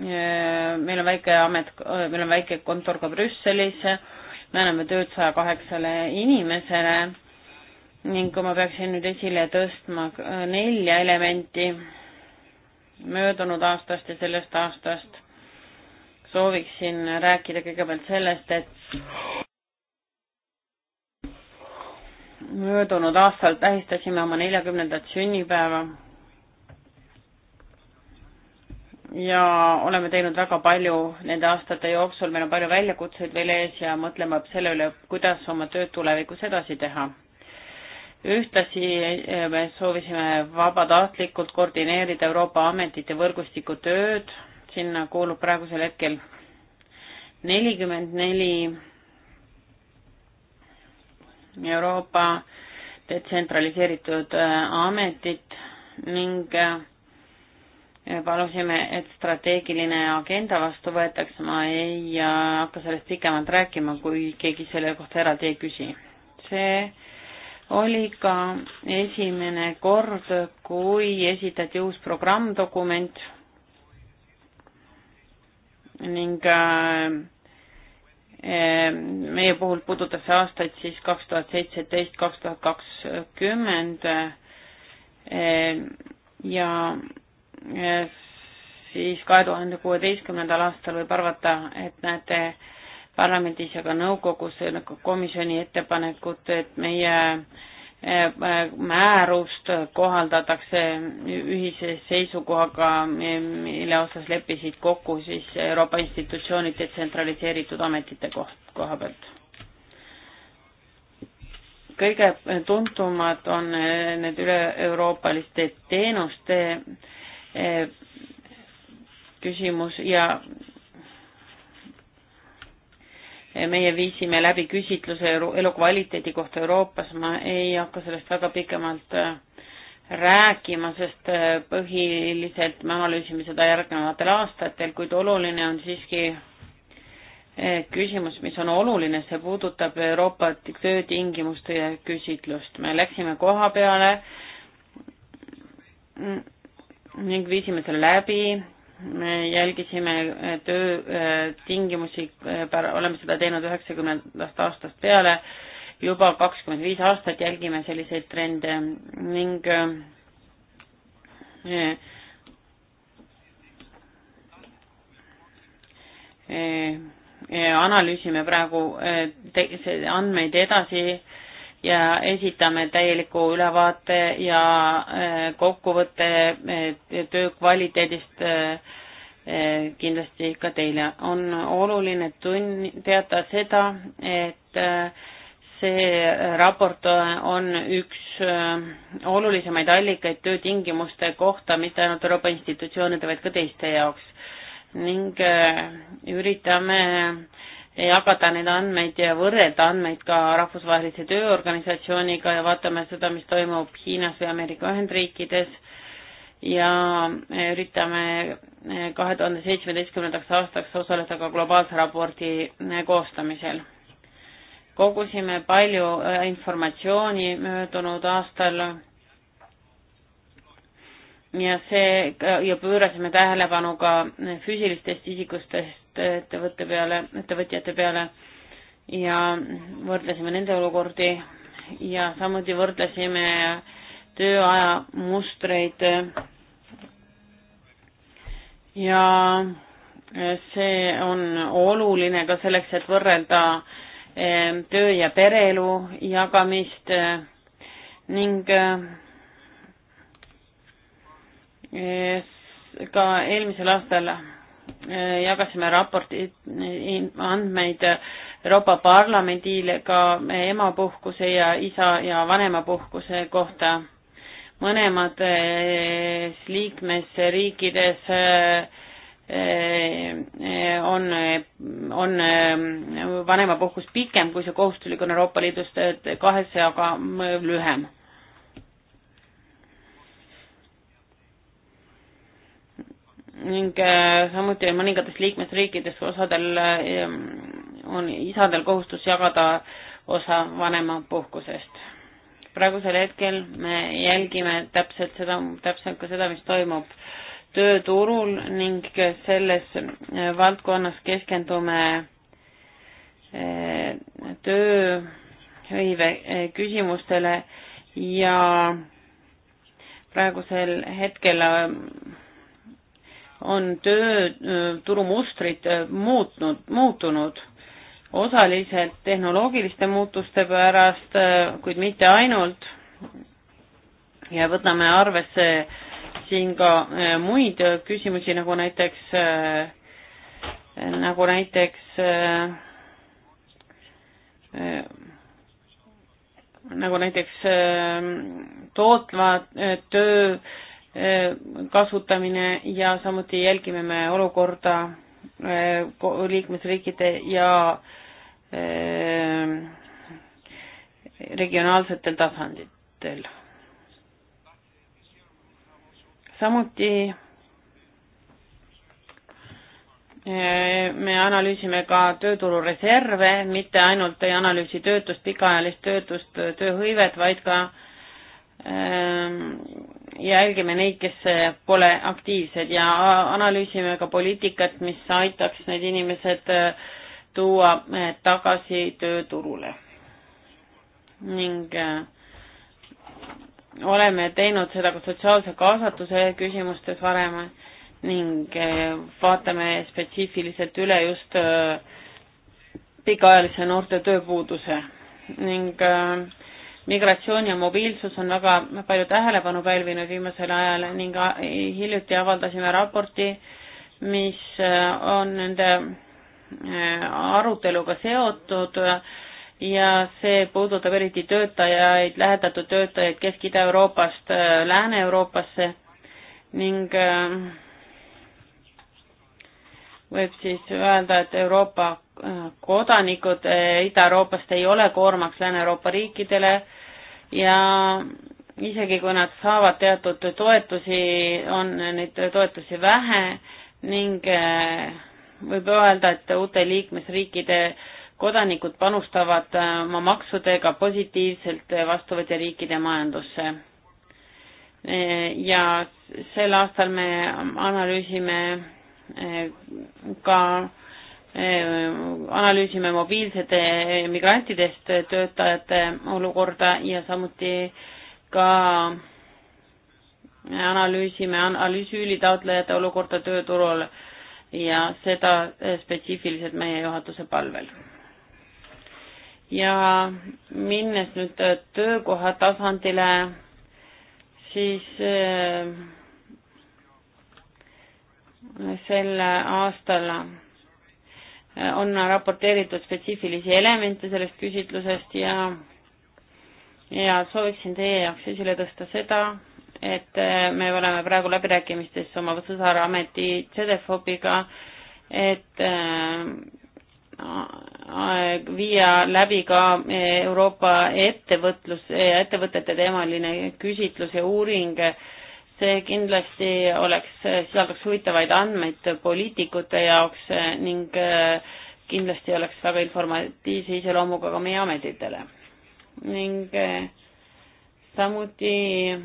äh, meil on väike amet, äh, meil on väike kontor ka Brüsselis, me anname tööd saja kaheksale inimesele ning kui ma peaksin nüüd esile tõstma nelja elementi möödunud aastast ja sellest aastast, sooviksin rääkida kõigepealt sellest, et möödunud aastal tähistasime oma neljakümnendat sünnipäeva ja oleme teinud väga palju nende aastate jooksul, meil on palju väljakutseid veel ees ja mõtleme selle üle, kuidas oma tööd tulevikus edasi teha. ühtlasi me soovisime vabatahtlikult koordineerida Euroopa ametite võrgustiku tööd, sinna kuulub praegusel hetkel nelikümmend neli Euroopa detsentraliseeritud äh, ametit ning äh, palusime, et strateegiline agenda vastu võetaks, ma ei äh, hakka sellest pikemalt rääkima, kui keegi selle kohta eraldi ei küsi. see oli ka esimene kord, kui esitati uus programmdokument ning äh, Ehm, meie puhul puudutab see aastaid siis kaks tuhat seitseteist, kaks tuhat kakskümmend ehm, ja eh, siis kahe tuhande kuueteistkümnendal aastal võib arvata, et näete parlamendis ja ka nõukogus komisjoni ettepanekut, et meie määrust kohaldatakse ühise seisukohaga, mille osas leppisid kokku siis Euroopa institutsioonid detsentraliseeritud ametite koht, koha pealt. kõige tuntumad on need üle-euroopaliste teenuste eh, küsimus ja meie viisime läbi küsitluse elukvaliteedi kohta Euroopas, ma ei hakka sellest väga pikemalt äh, rääkima, sest äh, põhiliselt me analüüsime seda järgnevatel aastatel, kuid oluline on siiski äh, küsimus, mis on oluline, see puudutab Euroopa töötingimuste küsitlust. me läksime koha peale mm, ning viisime selle läbi, me jälgisime äh, töötingimusi, äh, äh, oleme seda teinud üheksakümnendast aastast peale, juba kakskümmend viis aastat jälgime selliseid trende ning analüüsime praegu andmeid edasi ja esitame täieliku ülevaate ja äh, kokkuvõtte äh, töö kvaliteedist äh, kindlasti ka teile. on oluline tunn-, teada seda, et see raport on üks olulisemaid allikaid töötingimuste kohta, mitte ainult Euroopa institutsioonide, vaid ka teiste jaoks ning üritame äh, jagada neid andmeid ja võrrelda andmeid ka Rahvusvahelise Tööorganisatsiooniga ja vaatame seda, mis toimub Hiinas või Ameerika Ühendriikides ja üritame eh, kahe tuhande seitsmeteistkümnendaks aastaks osaleda ka globaalse raporti eh, koostamisel. kogusime palju eh, informatsiooni möödunud aastal ja see ja pöörasime tähelepanu ka füüsilistest isikustest ettevõtte peale, ettevõtjate peale ja võrdlesime nende olukordi ja samuti võrdlesime tööaja mustreid ja see on oluline ka selleks, et võrrelda eh, töö ja pereelu jagamist ning eh, ka eelmisel aastal jagasime raportit, andmeid Euroopa Parlamendile ka emapuhkuse ja isa ja vanemapuhkuse kohta. mõnemates eh, liikmesriikides eh, eh, on, on vanemapuhkus pikem, kui see kohustuslik on Euroopa Liidust kahes, aga lühem ning äh, samuti on mõningates liikmesriikides osadel ähm, on isadel kohustus jagada osa vanemapuhkusest. praegusel hetkel me jälgime täpselt seda, täpselt ka seda, mis toimub tööturul ning selles äh, valdkonnas keskendume äh, tööhõive küsimustele ja praegusel hetkel ähm, on tööturumustrid muutnud, muutunud osaliselt tehnoloogiliste muutuste pärast, kuid mitte ainult. ja võtame arvesse siin ka muid küsimusi, nagu näiteks, nagu näiteks nagu näiteks tootva töö Eh, kasutamine ja samuti jälgime me olukorda eh, liikmesriikide ja eh, regionaalsetel tasanditel. samuti me analüüsime ka tööturureserve, mitte ainult ei analüüsi töötust, pikaajalist töötust, tööhõivet, vaid ka jälgime neid, kes pole aktiivsed ja analüüsime ka poliitikat, mis aitaks need inimesed äh, tuua äh, tagasi tööturule. ning äh, oleme teinud seda ka sotsiaalse kaasatuse küsimustes varem ning vaatame spetsiifiliselt üle just pikaajalise noorte tööpuuduse ning äh, migratsioon ja mobiilsus on väga palju tähelepanu pälvinud viimasel ajal ning hiljuti avaldasime raporti, mis äh, on nende äh, aruteluga seotud ja see puudutab eriti töötajaid, lähetatud töötajaid Kesk-Ida-Euroopast äh, Lääne-Euroopasse ning võib siis öelda, et Euroopa kodanikud Ida-Euroopast ei ole koormaks Lääne-Euroopa riikidele ja isegi kui nad saavad teatud toetusi, on neid toetusi vähe ning eh, võib öelda, et uute liikmesriikide kodanikud panustavad eh, oma maksudega positiivselt vastuvõtja riikide majandusse. Eh, ja sel aastal me analüüsime ka analüüsime mobiilsete migrantidest töötajate olukorda ja samuti ka analüüsime analüüsiüli taotlejate olukorda tööturul ja seda spetsiifiliselt meie juhatuse palvel ja minnes nüüd töökoha tasandile, siis äh, sel aastal on raporteeritud spetsiifilisi elemente sellest küsitlusest ja ja sooviksin teie jaoks esile tõsta seda, et äh, me oleme praegu läbirääkimistes oma sõsarameti CDFOBiga, et äh, viia läbi ka äh, Euroopa ettevõtlus, ettevõtete teemaline küsitlus ja uuring see kindlasti oleks, sisaldaks huvitavaid andmeid poliitikute jaoks ning eh, kindlasti oleks väga informatiivse iseloomuga ka meie ametitele. ning eh, samuti eh,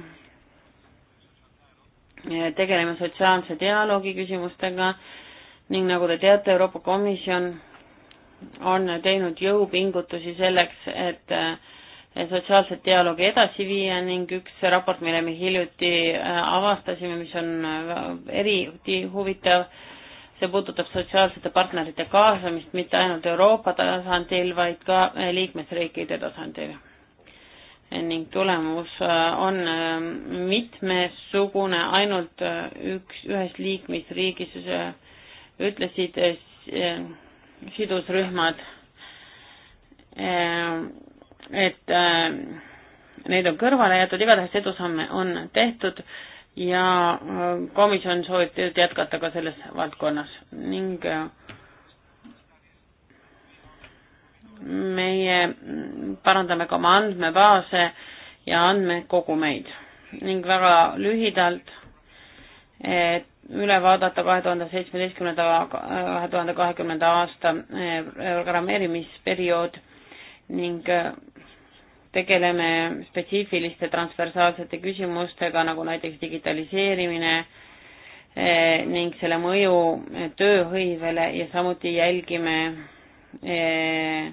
tegeleme sotsiaalse dialoogi küsimustega ning nagu te teate, Euroopa Komisjon on teinud jõupingutusi selleks, et äh, sotsiaalset dialoogi edasi viia ning üks raport, mille me hiljuti äh, avastasime, mis on äh, eriti huvitav, see puudutab sotsiaalsete partnerite kaasamist mitte ainult Euroopa tasandil, vaid ka äh, liikmesriikide tasandil. ning tulemus on mitmesugune, ainult üks, ühes liikmesriigis ütlesid sidusrühmad et äh, need on kõrvale jäetud, igatahes edusamme on tehtud ja äh, komisjon soovib tööd jätkata ka selles valdkonnas ning äh, meie mm, parandame ka oma andmebaase ja andmekogumeid ning väga lühidalt, et üle vaadata kahe tuhande seitsmeteistkümnenda, kahe tuhande kahekümnenda aasta äh, programmeerimisperiood ning tegeleme spetsiifiliste transversaalsete küsimustega, nagu näiteks digitaliseerimine eh, ning selle mõju tööhõivele ja samuti jälgime eh,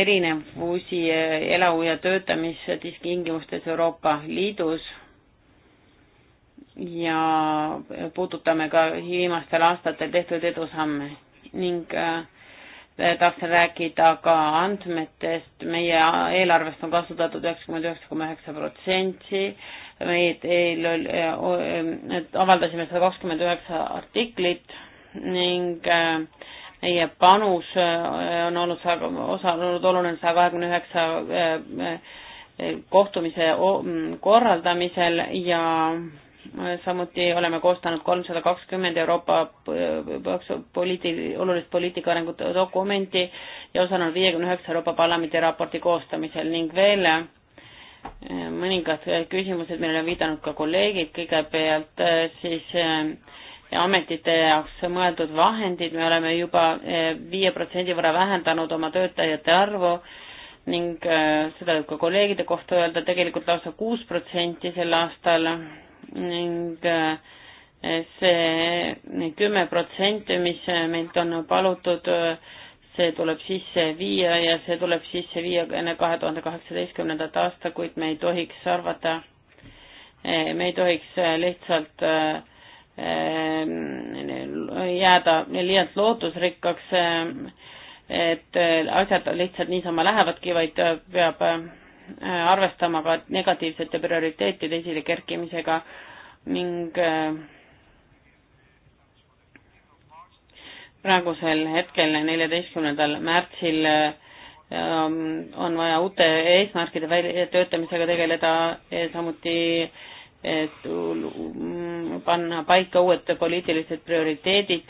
erinevusi eh, elu- ja töötamistingimustes Euroopa Liidus ja puudutame ka viimastel aastatel tehtud edusamme ning äh, tahtsin rääkida ka andmetest, meie eelarvest on kasutatud üheksakümmend üheksa koma üheksa protsenti, meid eil oli, avaldasime sada kakskümmend üheksa artiklit ning äh, meie panus äh, on olnud saja, osa olnud oluline saja kahekümne üheksa äh, kohtumise mm, korraldamisel ja samuti oleme koostanud kolmsada kakskümmend Euroopa äh, poliiti-, olulist poliitika arengut dokumenti ja osalenud viiekümne üheksa Euroopa Parlamendi raporti koostamisel ning veel äh, mõningad küsimused, millele on viidanud ka kolleegid, kõigepealt äh, siis ja ametite jaoks mõeldud vahendid, me oleme juba viie protsendi võrra vähendanud oma töötajate arvu ning seda võib ka kolleegide kohta öelda, tegelikult lausa kuus protsenti sel aastal ning eh, see kümme protsenti, mis meilt on palutud, see tuleb sisse viia ja see tuleb sisse viia enne kahe tuhande kaheksateistkümnendat aasta, kuid me ei tohiks arvata, eh, me ei tohiks lihtsalt eh, jääda liialt lootusrikkaks, et asjad lihtsalt niisama lähevadki, vaid peab Äh, arvestama ka negatiivsete prioriteetide esile kerkimisega ning äh, praegusel hetkel, neljateistkümnendal märtsil äh, on vaja uute eesmärkide väljatöötamisega tegeleda, samuti panna paika uued poliitilised prioriteedid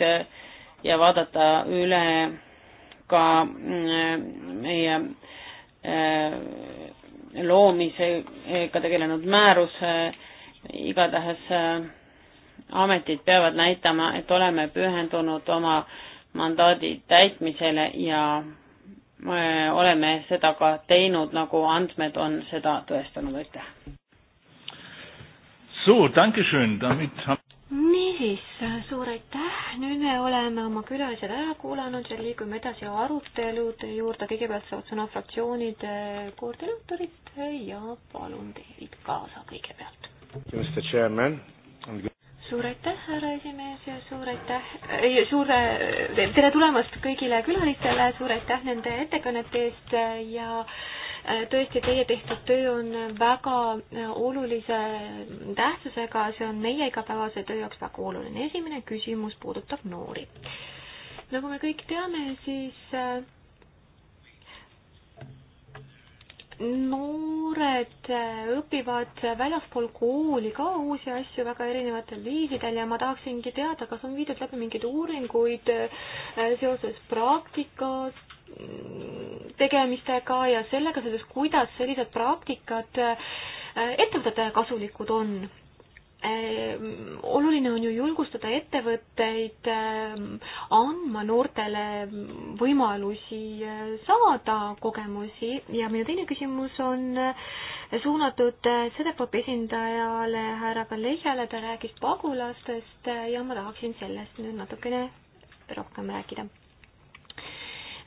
ja vaadata üle ka meie loomisega tegelenud määrus, igatahes äh, ametid peavad näitama, et oleme pühendunud oma mandaadi täitmisele ja äh, oleme seda ka teinud, nagu andmed on seda tõestanud, aitäh. So, danke schön, damit niisiis, suur aitäh, nüüd me oleme oma külalised ära kuulanud ja liigume edasi arutelude juurde, kõigepealt saavad sõna fraktsioonide koordinaatorid ja palun teid kaasa kõigepealt. suur aitäh, härra esimees ja suur aitäh, ei suur, tere tulemast kõigile külalistele, suur aitäh nende ettekannete eest ja äh, Äh, tõesti, teie tehtud töö on väga äh, olulise tähtsusega, see on meie igapäevase töö jaoks väga oluline. esimene küsimus puudutab noori. nagu me kõik teame, siis äh, noored õpivad väljaspool kooli ka uusi asju väga erinevatel viisidel ja ma tahaksingi teada, kas on viidud läbi mingeid uuringuid seoses praktikas Mm, tegemistega ja sellega seoses, kuidas sellised praktikad äh, ettevõtetele kasulikud on. Äh, oluline on ju julgustada ettevõtteid äh, andma noortele võimalusi saada kogemusi ja minu teine küsimus on suunatud Sedefop esindajale härra Kalehjale, ta rääkis pagulastest ja ma tahaksin sellest nüüd natukene rohkem rääkida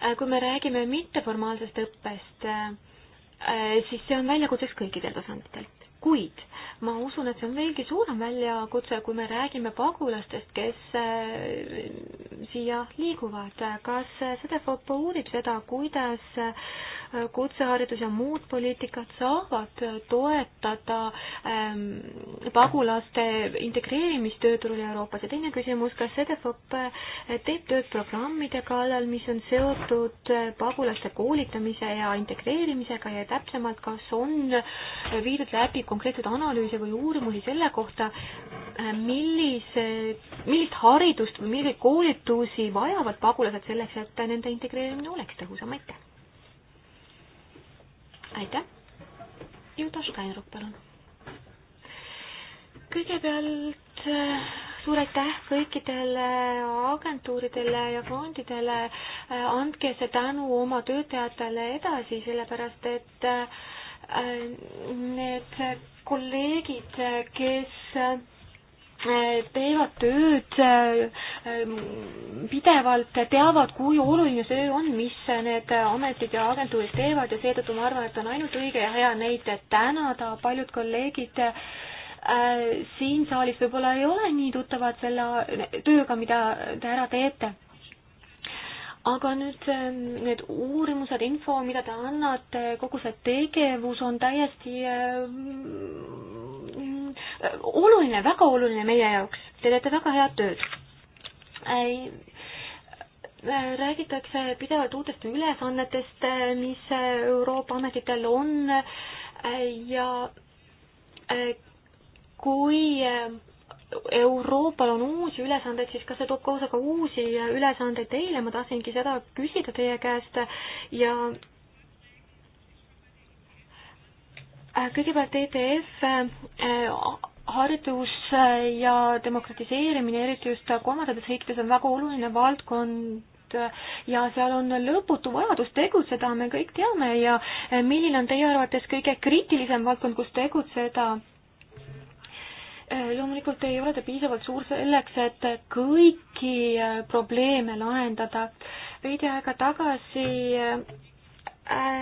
Äh, kui me räägime mitteformaalsest õppest, äh, äh, siis see on väljakutseks kõikidel tasanditel kuid ma usun, et see on veelgi suurem väljakutse, kui me räägime pagulastest, kes äh, siia liiguvad. kas Sedefop uurib seda, kuidas äh, kutseharidus ja muud poliitikad saavad toetada ähm, pagulaste integreerimist tööturul Euroopas ja teine küsimus, kas Sedefop teeb tööd programmide kallal, mis on seotud äh, pagulaste koolitamise ja integreerimisega ja täpsemalt, kas on viidud läbi konkreetseid analüüse või uurimusi selle kohta, äh, millise, millist haridust või milliseid koolitusi vajavad pagulased selleks, et nende integreerimine oleks tõhusam, aitäh! aitäh! Juta Steinruck, palun! kõigepealt äh, suur aitäh kõikidele agentuuridele ja fondidele, äh, andke see tänu oma töötajatele edasi, sellepärast et äh, Äh, need kolleegid, kes äh, teevad tööd äh, ähm, pidevalt, teavad, kui oluline see on, mis need ametid ja agentuurid teevad ja seetõttu ma arvan, et on ainult õige ja hea neid tänada, paljud kolleegid siin saalis võib-olla ei ole nii tuttavad selle tööga, mida te ära teete aga nüüd ähm, need uurimused, info, mida te annate, kogu see tegevus on täiesti äh, oluline, väga oluline meie jaoks. Te teete väga head tööd. Äh, räägitakse pidevalt uutest ülesannetest, äh, mis Euroopa ametitel on ja kui Euroopal on uusi ülesandeid, siis kas see toob kaasa ka uusi ülesandeid teile, ma tahtsingi seda küsida teie käest ja äh, kõigepealt ETF äh, haridus äh, ja demokratiseerimine, eriti just kolmandates riikides, on väga oluline valdkond ja seal on lõputu vajadus tegutseda, me kõik teame ja milline on teie arvates kõige kriitilisem valdkond, kus tegutseda? Äh, loomulikult ei ole ta piisavalt suur selleks, et kõiki äh, probleeme lahendada. veidi aega tagasi äh,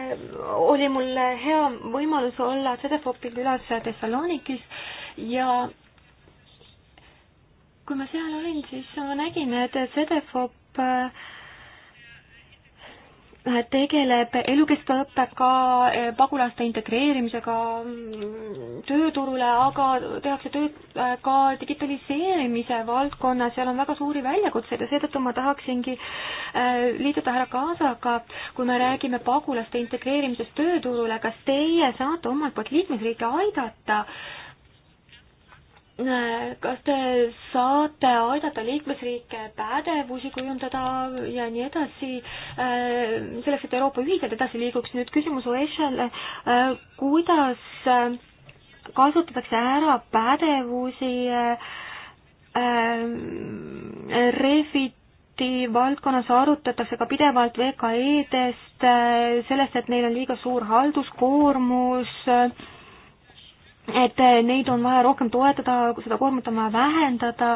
oli mul hea võimalus olla Cedefopi külas Thessalonikis ja kui ma seal olin, siis ma nägin, et Cedefop äh, tegeleb elukestva õppega, pagulaste integreerimisega mm, tööturule, aga tehakse tööd äh, ka digitaliseerimise valdkonnas, seal on väga suuri väljakutseid ja seetõttu ma tahaksingi äh, liituda härra Kaasaga, kui me räägime pagulaste integreerimisest tööturule, kas teie saate omalt poolt liikmesriike aidata äh, kas te saate aidata liikmesriike pädevusi kujundada ja nii edasi, äh, selleks, et Euroopa ühiselt edasi liiguks, nüüd küsimus OESH-le, äh, kuidas äh, kasutatakse ära pädevusi refit samuti valdkonnas arutatakse ka pidevalt VKE-dest, sellest, et neil on liiga suur halduskoormus, et neid on vaja rohkem toetada, seda koormat on vaja vähendada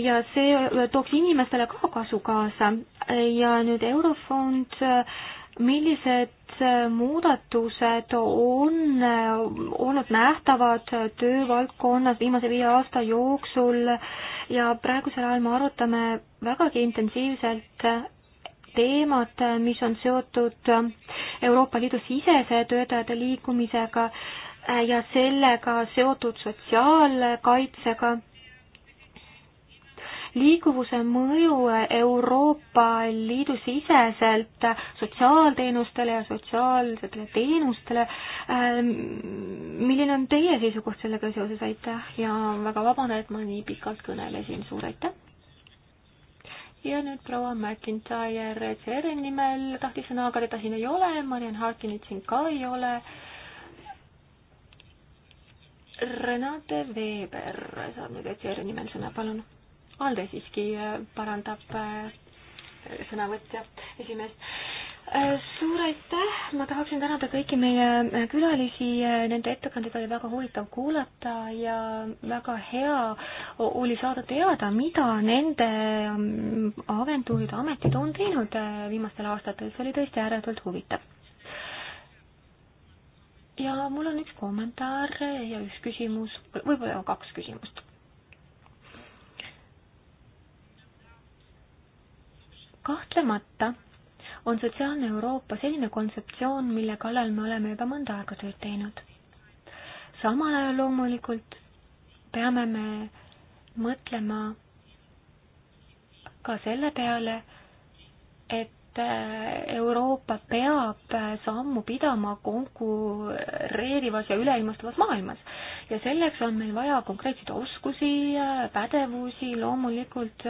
ja see tooks inimestele ka kasu kaasa. ja nüüd Eurofond, millised muudatused on olnud nähtavad töövaldkonnas viimase viie aasta jooksul ja praegusel ajal me arutame vägagi intensiivselt teemat, mis on seotud Euroopa Liidu sisese töötajate liikumisega Äh, ja sellega seotud sotsiaalkaitsega. liikuvuse mõju Euroopa Liidu siseselt sotsiaalteenustele ja sotsiaalsetele teenustele. Ähm, milline on teie seisukoht sellega seoses, aitäh ja väga vabandan, et ma nii pikalt kõnelesin, suur aitäh! ja nüüd proua McIntyre CR-i nimel tahtis sõna, aga teda siin ei ole, Mariann Harkinit siin ka ei ole Renate Veeber saab nüüd ECR-i nimel sõna, palun. Alde siiski äh, parandab äh, sõnavõtja esimeest. Äh, suur aitäh, ma tahaksin tänada kõiki meie külalisi, nende ettekandeid oli väga huvitav kuulata ja väga hea oli saada teada, mida nende mm, agentuurid, ametid on teinud viimastel aastatel, see oli tõesti ääretult huvitav ja mul on üks kommentaar ja üks küsimus, võib-olla on kaks küsimust. kahtlemata on sotsiaalne Euroopa selline kontseptsioon, mille kallal me oleme juba mõnda aega tööd teinud. samal ajal loomulikult peame me mõtlema ka selle peale, et et äh, Euroopa peab äh, sammu pidama konkureerivas ja üleilmastuvas maailmas. ja selleks on meil vaja konkreetseid oskusi, äh, pädevusi, loomulikult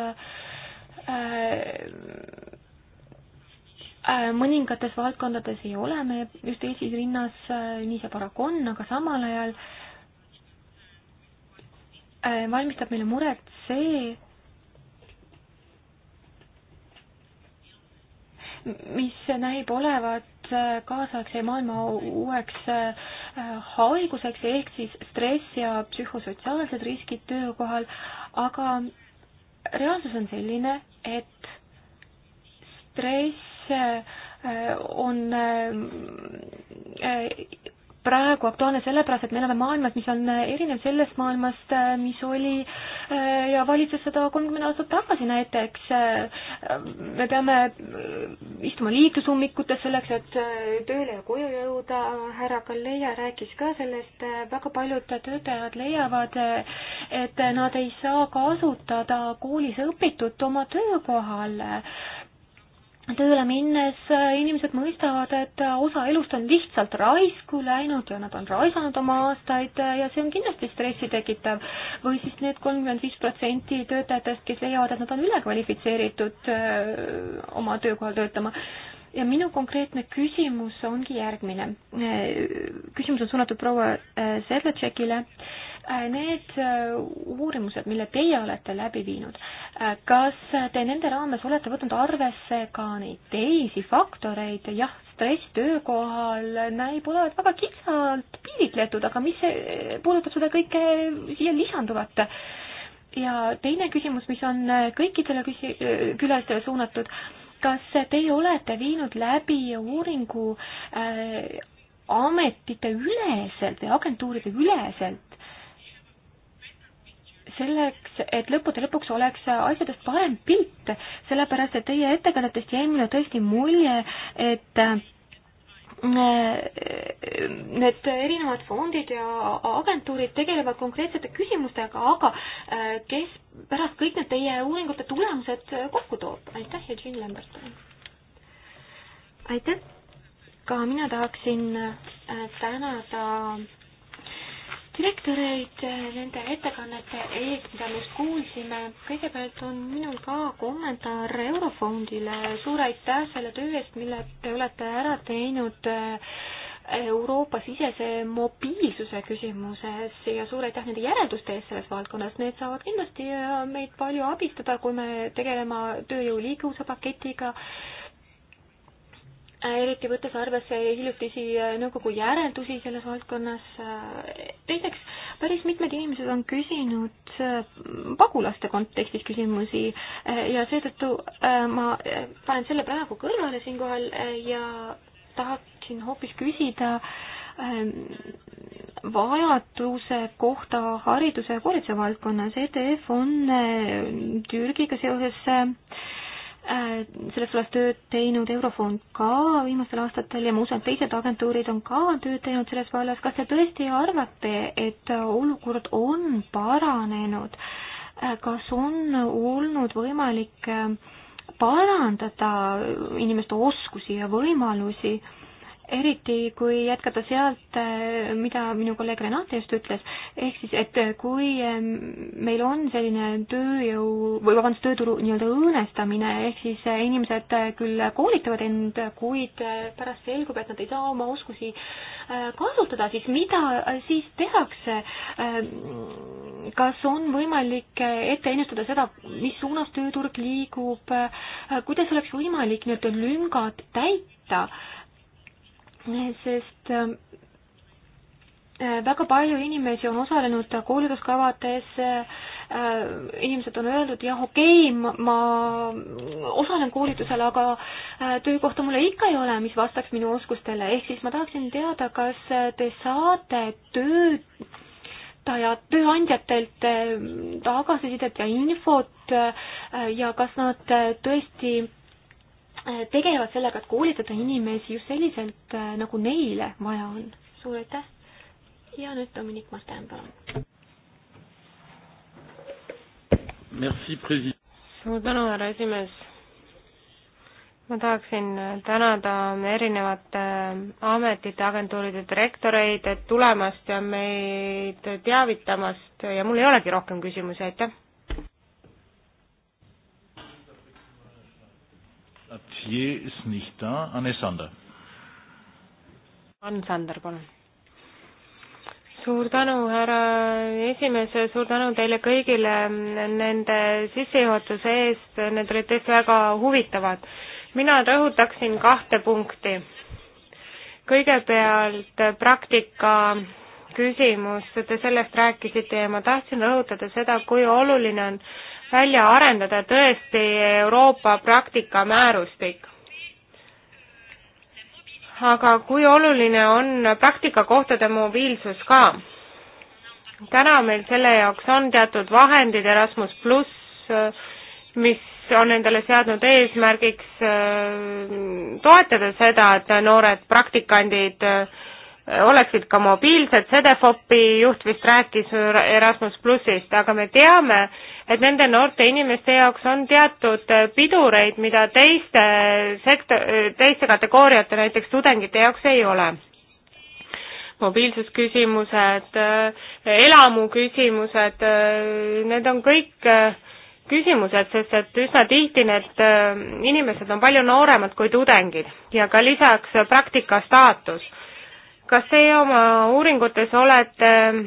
mõningates valdkondades ei ole me just esirinnas, nii see paraku on, aga samal ajal valmistab meile muret see, mis näib olevat äh, kaasaegse maailma uueks äh, haiguseks ehk siis stress ja psühhosotsiaalsed riskid töökohal, aga reaalsus on selline, et stress äh, on praegu aktuaalne sellepärast, et me elame maailmas, mis on erinev sellest maailmast, mis oli äh, ja valitses sada kolmkümmend aastat tagasi näiteks. Äh, me peame äh, istuma liiklusummikutes selleks, et tööle ja koju jõuda. härra Kalleia rääkis ka sellest, väga paljud töötajad leiavad, et nad ei saa kasutada koolis õpitut oma töökohal tööle minnes inimesed mõistavad, et osa elust on lihtsalt raisku läinud ja nad on raisanud oma aastaid ja see on kindlasti stressi tekitav. või siis need kolmkümmend viis protsenti töötajatest, kes leiavad, et nad on ülekvalifitseeritud äh, oma töökohal töötama ja minu konkreetne küsimus ongi järgmine. Äh, küsimus on suunatud proua äh, Sedlatšekile. Äh, need uurimused, mille teie olete läbi viinud, kas te nende raames olete võtnud arvesse ka neid teisi faktoreid, jah, stress töökohal näib olevat väga kitsalt piiritletud, aga mis puudutab seda kõike siia lisanduvat? ja teine küsimus, mis on kõikidele küsi-, külalistele suunatud, kas teie olete viinud läbi uuringu äh, ametite üleselt või agentuuride üleselt selleks, et lõppude lõpuks oleks asjadest parem pilt, sellepärast et teie ettekannetest jäi mulle tõesti mulje, et äh, need erinevad fondid ja agentuurid tegelevad konkreetsete küsimustega, aga äh, kes pärast kõik need teie uuringute tulemused kokku toob? aitäh, Eugene Lambert. aitäh, ka mina tahaksin äh, tänada direktoreid äh, nende ettekannete eest, mida me just kuulsime. kõigepealt on minul ka kommentaar Eurofondile. suur aitäh selle töö eest, mille te olete ära teinud äh, Euroopa-sisese mobiilsuse küsimuses ja suur aitäh nende järelduste eest selles valdkonnas. Need saavad kindlasti äh, meid palju abistada, kui me tegelema tööjõu liikuvuse paketiga Äh, eriti võttes arvesse hiljutisi äh, nõukogu järeldusi selles valdkonnas. Äh, teiseks, päris mitmed inimesed on küsinud pagulaste kontekstis küsimusi ja seetõttu ma panen selle praegu kõrvale siinkohal ja tahaksin hoopis küsida ähm, vajaduse kohta hariduse ja koolituse valdkonnas. ETF on Türgiga seoses Äh, selles vallas tööd teinud, Eurofond ka viimastel aastatel ja ma usun, et teised agentuurid on ka tööd teinud selles vallas. kas te tõesti arvate, et olukord on paranenud? Äh, kas on olnud võimalik äh, parandada inimeste oskusi ja võimalusi? eriti kui jätkata sealt, äh, mida minu kolleeg Renate just ütles, ehk siis, et kui ähm, meil on selline tööjõu või vabandust, tööturu nii-öelda õõnestamine, ehk siis äh, inimesed äh, küll koolitavad end, kuid pärast selgub, et nad ei saa oma oskusi kasutada, siis mida siis tehakse? Ähm, kas on võimalik ette ennustada seda, mis suunas tööturg liigub, kuidas oleks võimalik nii-öelda lüngad täita? sest ähm, äh, väga palju inimesi on osalenud koolituskavades, äh, inimesed on öelnud jah, okei okay,, ma osalen koolitusel, aga äh, töökohta mulle ikka ei ole, mis vastaks minu oskustele, ehk siis ma tahaksin teada, kas te saate töötajad, tööandjatelt tagasisidet ja infot ja kas nad tõesti Äh, tegelevad sellega, et koolitada inimesi just selliselt, äh, nagu neile vaja on. suur aitäh ja nüüd Dominik Martin, palun. Merci, president. suur tänu, härra esimees. ma tahaksin tänada erinevate äh, ametite, agentuuride direktoreid, et tulemast ja meid teavitamast ja mul ei olegi rohkem küsimusi, aitäh Routier ist nicht da. Anne Sander. Anne Sander, palun. suur tänu, härra esimees, suur tänu teile kõigile nende sissejuhatuse eest, need olid tõesti väga huvitavad. mina rõhutaksin kahte punkti. kõigepealt praktika küsimus, te sellest rääkisite ja ma tahtsin rõhutada seda, kui oluline on välja arendada tõesti Euroopa praktika määrustik. aga kui oluline on praktikakohtade mobiilsus ka? täna meil selle jaoks on teatud vahendid Erasmus pluss, mis on endale seadnud eesmärgiks äh, toetada seda, et noored praktikandid äh, oleksid ka mobiilsed, Sedefopi juht vist rääkis Erasmus plussist, aga me teame, et nende noorte inimeste jaoks on teatud pidureid, mida teiste sektor, teiste kategooriate, näiteks tudengite jaoks ei ole. mobiilsusküsimused, elamuküsimused, need on kõik küsimused, sest et üsna tihti need inimesed on palju nooremad kui tudengid ja ka lisaks praktika staatus kas teie oma uuringutes olete äh,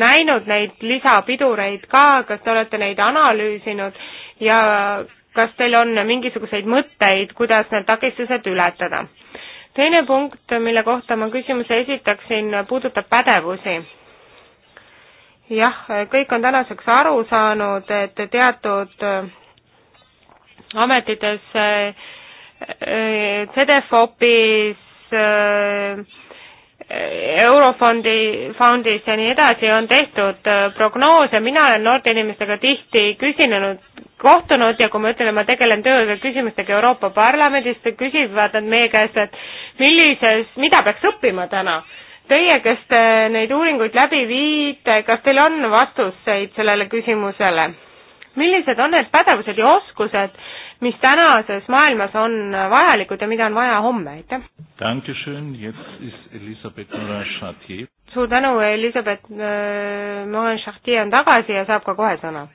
näinud neid lisapidureid ka, kas te olete neid analüüsinud ja kas teil on mingisuguseid mõtteid, kuidas need takistused ületada? teine punkt, mille kohta ma küsimuse esitaksin, puudutab pädevusi. jah, kõik on tänaseks aru saanud, et teatud äh, ametites, äh, CDFOP-is, Eurofondi, fondis ja nii edasi on tehtud äh, prognoose, mina olen noorte inimestega tihti küsinenud, kohtunud ja kui ma ütlen, et ma tegelen tööga küsimustega Euroopa Parlamendis, küsivad nad meie käest, et millises, mida peaks õppima täna teie, kes te neid uuringuid läbi viite, kas teil on vastuseid sellele küsimusele? millised on need pädevused ja oskused, mis tänases maailmas on vajalikud ja mida on vaja homme, aitäh! suur tänu, Elizabeth äh, Morin-Chartier on tagasi ja saab ka kohe sõna.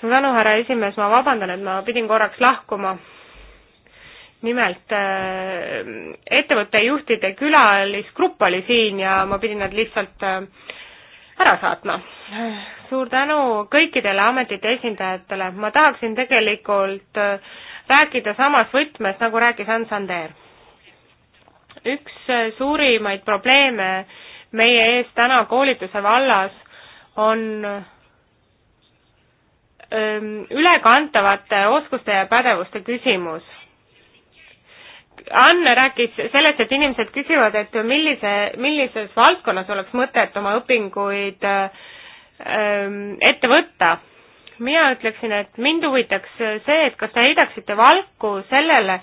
suur tänu, härra esimees, ma vabandan, et ma pidin korraks lahkuma. nimelt äh, ettevõtte juhtide külalisgrupp oli siin ja ma pidin nad lihtsalt äh, ära saatma. suur tänu kõikidele ametite esindajatele, ma tahaksin tegelikult äh, rääkida samas võtmes, nagu rääkis Ann Sander. üks äh, suurimaid probleeme meie ees täna koolituse vallas on ähm, ülekantavate oskuste ja pädevuste küsimus Anne rääkis sellest, et inimesed küsivad, et millise, millises valdkonnas oleks mõtet oma õpinguid ähm, ette võtta. mina ütleksin, et mind huvitaks see, et kas te heidaksite valku sellele,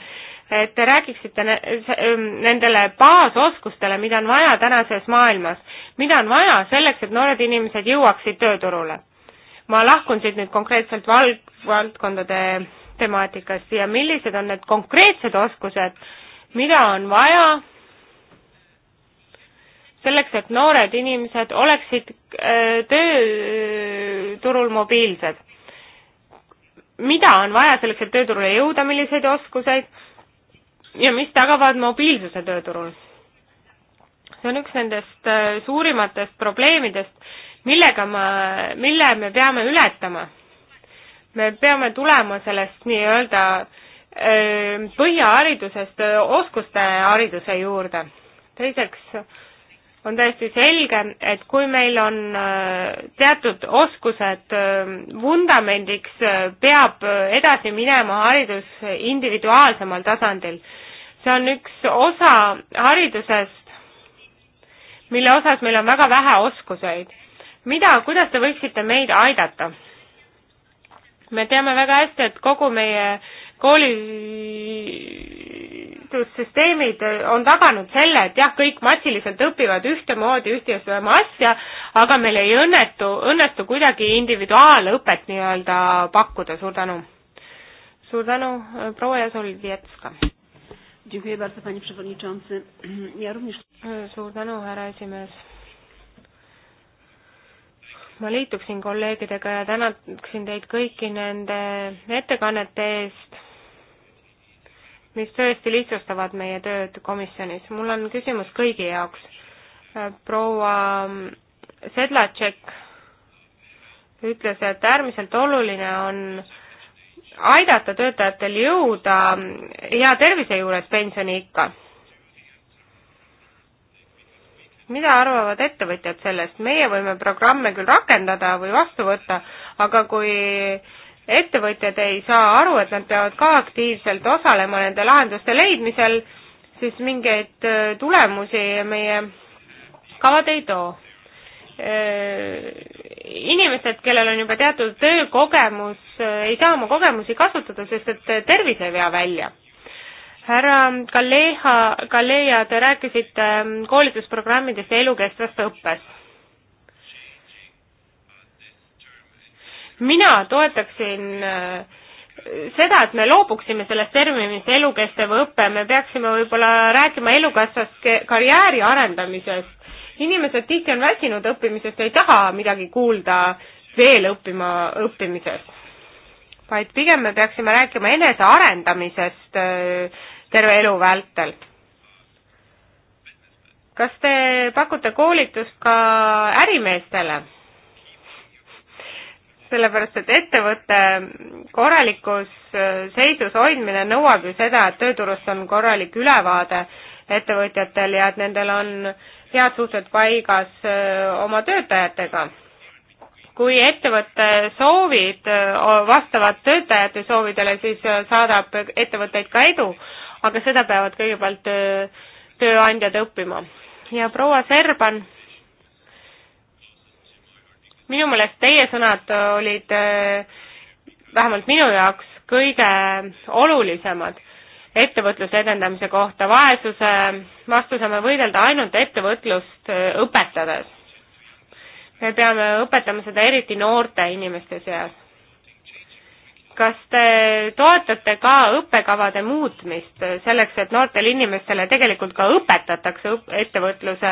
et te räägiksite ähm, nendele baasoskustele, mida on vaja tänases maailmas, mida on vaja selleks, et noored inimesed jõuaksid tööturule. ma lahkun siit nüüd konkreetselt val-, valdkondade temaatikast ja millised on need konkreetsed oskused, mida on vaja selleks, et noored inimesed oleksid äh, tööturul mobiilsed. mida on vaja selleks, et tööturule jõuda, milliseid oskuseid ja mis tagavad mobiilsuse tööturul? see on üks nendest äh, suurimatest probleemidest, millega ma, mille me peame ületama me peame tulema sellest nii-öelda äh, põhiharidusest äh, oskuste hariduse juurde. teiseks on täiesti selge, et kui meil on äh, teatud oskused vundamendiks, peab edasi minema haridus individuaalsemal tasandil. see on üks osa haridusest, mille osas meil on väga vähe oskuseid. mida, kuidas te võiksite meid aidata? me teame väga hästi, et kogu meie koolitussüsteemid on taganud selle, et jah, kõik massiliselt õpivad ühtemoodi ühte ja sama asja, aga meil ei õnnetu, õnnetu kuidagi individuaalõpet nii-öelda pakkuda, suur tänu. suur tänu, äh, proua Jasolvjetska. suur tänu, härra esimees ma liituksin kolleegidega ja tänaksin teid kõiki nende ettekannete eest, mis tõesti lihtsustavad meie tööd komisjonis. mul on küsimus kõigi jaoks. proua Sedlatšek ütles, et äärmiselt oluline on aidata töötajatel jõuda hea tervise juures pensioniikka mida arvavad ettevõtjad sellest, meie võime programme küll rakendada või vastu võtta, aga kui ettevõtjad ei saa aru, et nad peavad ka aktiivselt osalema nende lahenduste leidmisel, siis mingeid äh, tulemusi meie kavad ei too. Äh, inimesed, kellel on juba teatud töökogemus, äh, ei saa oma kogemusi kasutada, sest et tervis ei vea välja härra Kaleha, Kaleja, te rääkisite ähm, koolitusprogrammidest ja elukestvast õppest. mina toetaksin äh, seda, et me loobuksime sellest terminist elukestev õpe, me peaksime võib-olla rääkima elukestvast karjääri arendamisest. inimesed tihti on väsinud õppimisest, ei taha midagi kuulda veel õppima, õppimisest vaid pigem me peaksime rääkima enesearendamisest äh, terve elu vältel. kas te pakute koolitust ka ärimeestele? sellepärast, et ettevõtte korralikus äh, seisus hoidmine nõuab ju seda, et tööturust on korralik ülevaade ettevõtjatel ja et nendel on head suhted paigas äh, oma töötajatega. kui ettevõtte soovid äh, vastavad töötajate soovidele, siis saadab ettevõtteid ka edu, aga seda peavad kõigepealt töö, tööandjad õppima. ja proua Serban, minu meelest teie sõnad olid äh, vähemalt minu jaoks kõige olulisemad ettevõtluse edendamise kohta. vaesuse vastu saame võidelda ainult ettevõtlust äh, õpetades. me peame õpetama seda eriti noorte inimeste seas kas te toetate ka õppekavade muutmist selleks, et noortele inimestele tegelikult ka õpetatakse ettevõtluse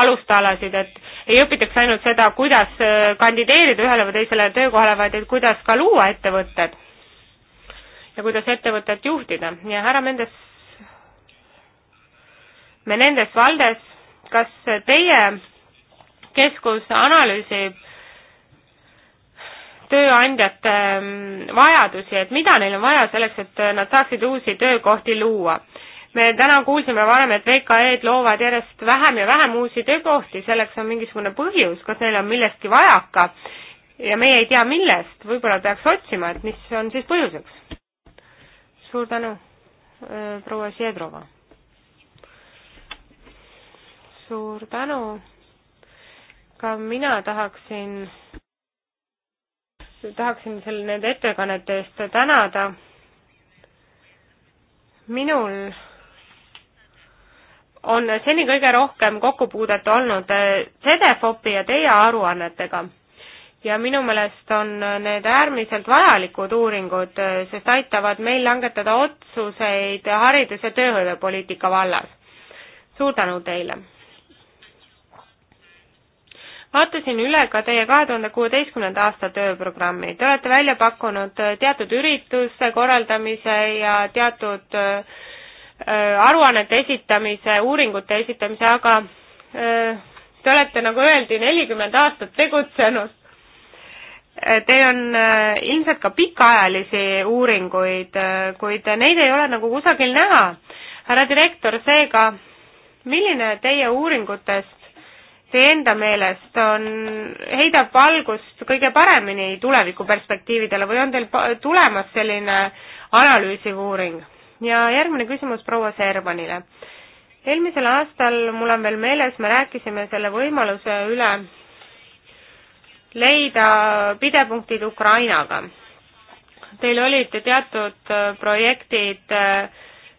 alustalasid, et ei õpitaks ainult seda, kuidas äh, kandideerida ühele või teisele töökohale, vaid et kuidas ka luua ettevõtted ja kuidas ettevõtet juhtida ja härra Mendes, Menendez Valdes, kas teie keskus analüüsib tööandjate mm, vajadusi, et mida neil on vaja selleks, et äh, nad saaksid uusi töökohti luua. me täna kuulsime varem, et VKE-d loovad järjest vähem ja vähem uusi töökohti, selleks on mingisugune põhjus, kas neil on millestki vajaka ja meie ei tea millest, võib-olla peaks otsima, et mis on siis põhjuseks. suur tänu, äh, proua Sjedrova. suur tänu, ka mina tahaksin tahaksin selle, nende ettekannete eest tänada. minul on seni kõige rohkem kokkupuudet olnud CDFOP-i eh, ja teie aruannetega. ja minu meelest on need äärmiselt vajalikud uuringud, eh, sest aitavad meil langetada otsuseid haridus- ja tööhõivepoliitika vallas. suur tänu teile! vaatasin üle ka teie kahe tuhande kuueteistkümnenda aasta tööprogrammi. Te olete välja pakkunud äh, teatud ürituste korraldamise ja teatud äh, äh, aruannete esitamise, uuringute esitamise, aga te olete, nagu öeldi, nelikümmend aastat tegutsenud. Teil on ilmselt ka pikaajalisi uuringuid, kuid neid ei ole nagu kusagil näha. härra direktor, seega milline teie uuringutes teie enda meelest on, heidab valgust kõige paremini tulevikuperspektiividele või on teil tulemas selline analüüsiv uuring? ja järgmine küsimus proua Servanile. eelmisel aastal, mul on veel meeles, me rääkisime selle võimaluse üle leida pidepunktid Ukrainaga. Teil olid teatud äh, projektid äh,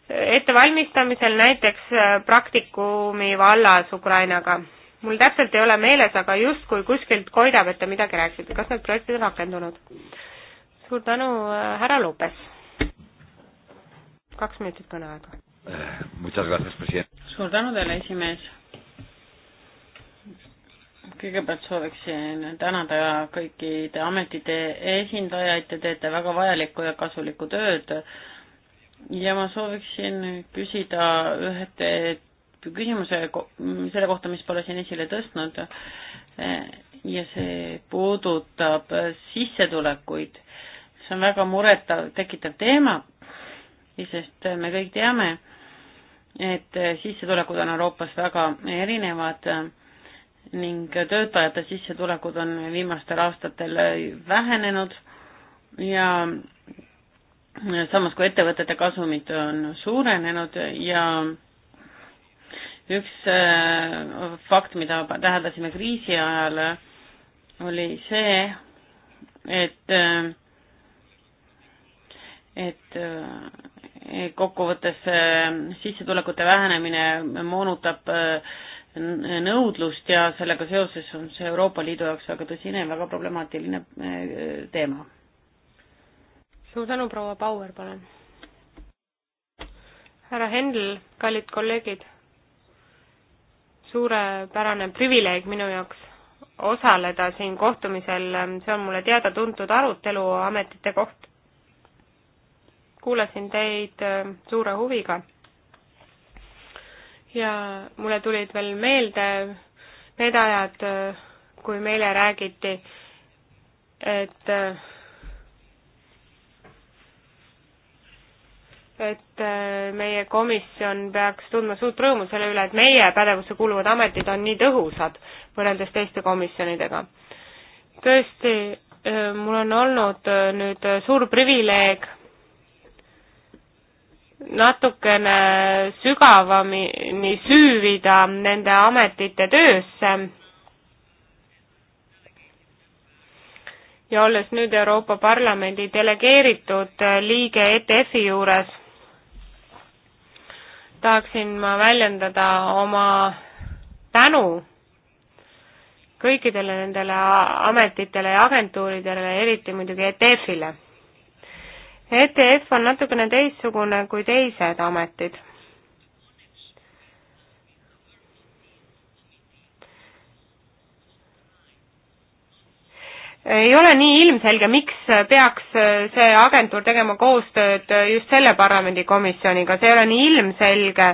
ettevalmistamisel, näiteks äh, praktikumi vallas Ukrainaga mul täpselt ei ole meeles, aga justkui kuskilt koidab, et te midagi rääkisite, kas need projektid on rakendunud? suur tänu, äh, härra Lopes. kaks minutit kõneaega. Eh, suur tänu teile, esimees. kõigepealt sooviksin tänada kõikide ametite esindajaid, te teete väga vajalikku ja kasulikku tööd ja ma sooviksin küsida ühe küsimuse selle kohta, mis pole siin esile tõstnud eh, ja see puudutab sissetulekuid. see on väga muretav, tekitav teema, sest me kõik teame, et sissetulekud on Euroopas väga erinevad ning töötajate sissetulekud on viimastel aastatel vähenenud ja samas kui ettevõtete kasumid on suurenenud ja üks äh, fakt, mida täheldasime kriisi ajal, oli see, et, äh, et äh, kokkuvõttes sissetulekute vähenemine moonutab nõudlust ja sellega seoses on see Euroopa Liidu jaoks väga tõsine ja väga problemaatiline teema. suur tänu, proua Bauer, palun. härra Hendl, kallid kolleegid suurepärane privileeg minu jaoks osaleda siin kohtumisel, see on mulle teada-tuntud arutelu ametite kohta. kuulasin teid äh, suure huviga ja mulle tulid veel meelde need ajad, äh, kui meile räägiti, et äh, et äh, meie komisjon peaks tundma suurt rõõmu selle üle, et meie pädevusse kuuluvad ametid on nii tõhusad võrreldes teiste komisjonidega. tõesti, äh, mul on olnud äh, nüüd suur privileeg natukene sügavamini süüvida nende ametite töösse ja olles nüüd Euroopa Parlamendi delegeeritud liige ETF-i juures tahaksin ma väljendada oma tänu kõikidele nendele ametitele ja agentuuridele, eriti muidugi ETF-ile. ETF on natukene teistsugune kui teised ametid ei ole nii ilmselge, miks peaks äh, see agentuur tegema koostööd äh, just selle parlamendikomisjoniga, see ei ole nii ilmselge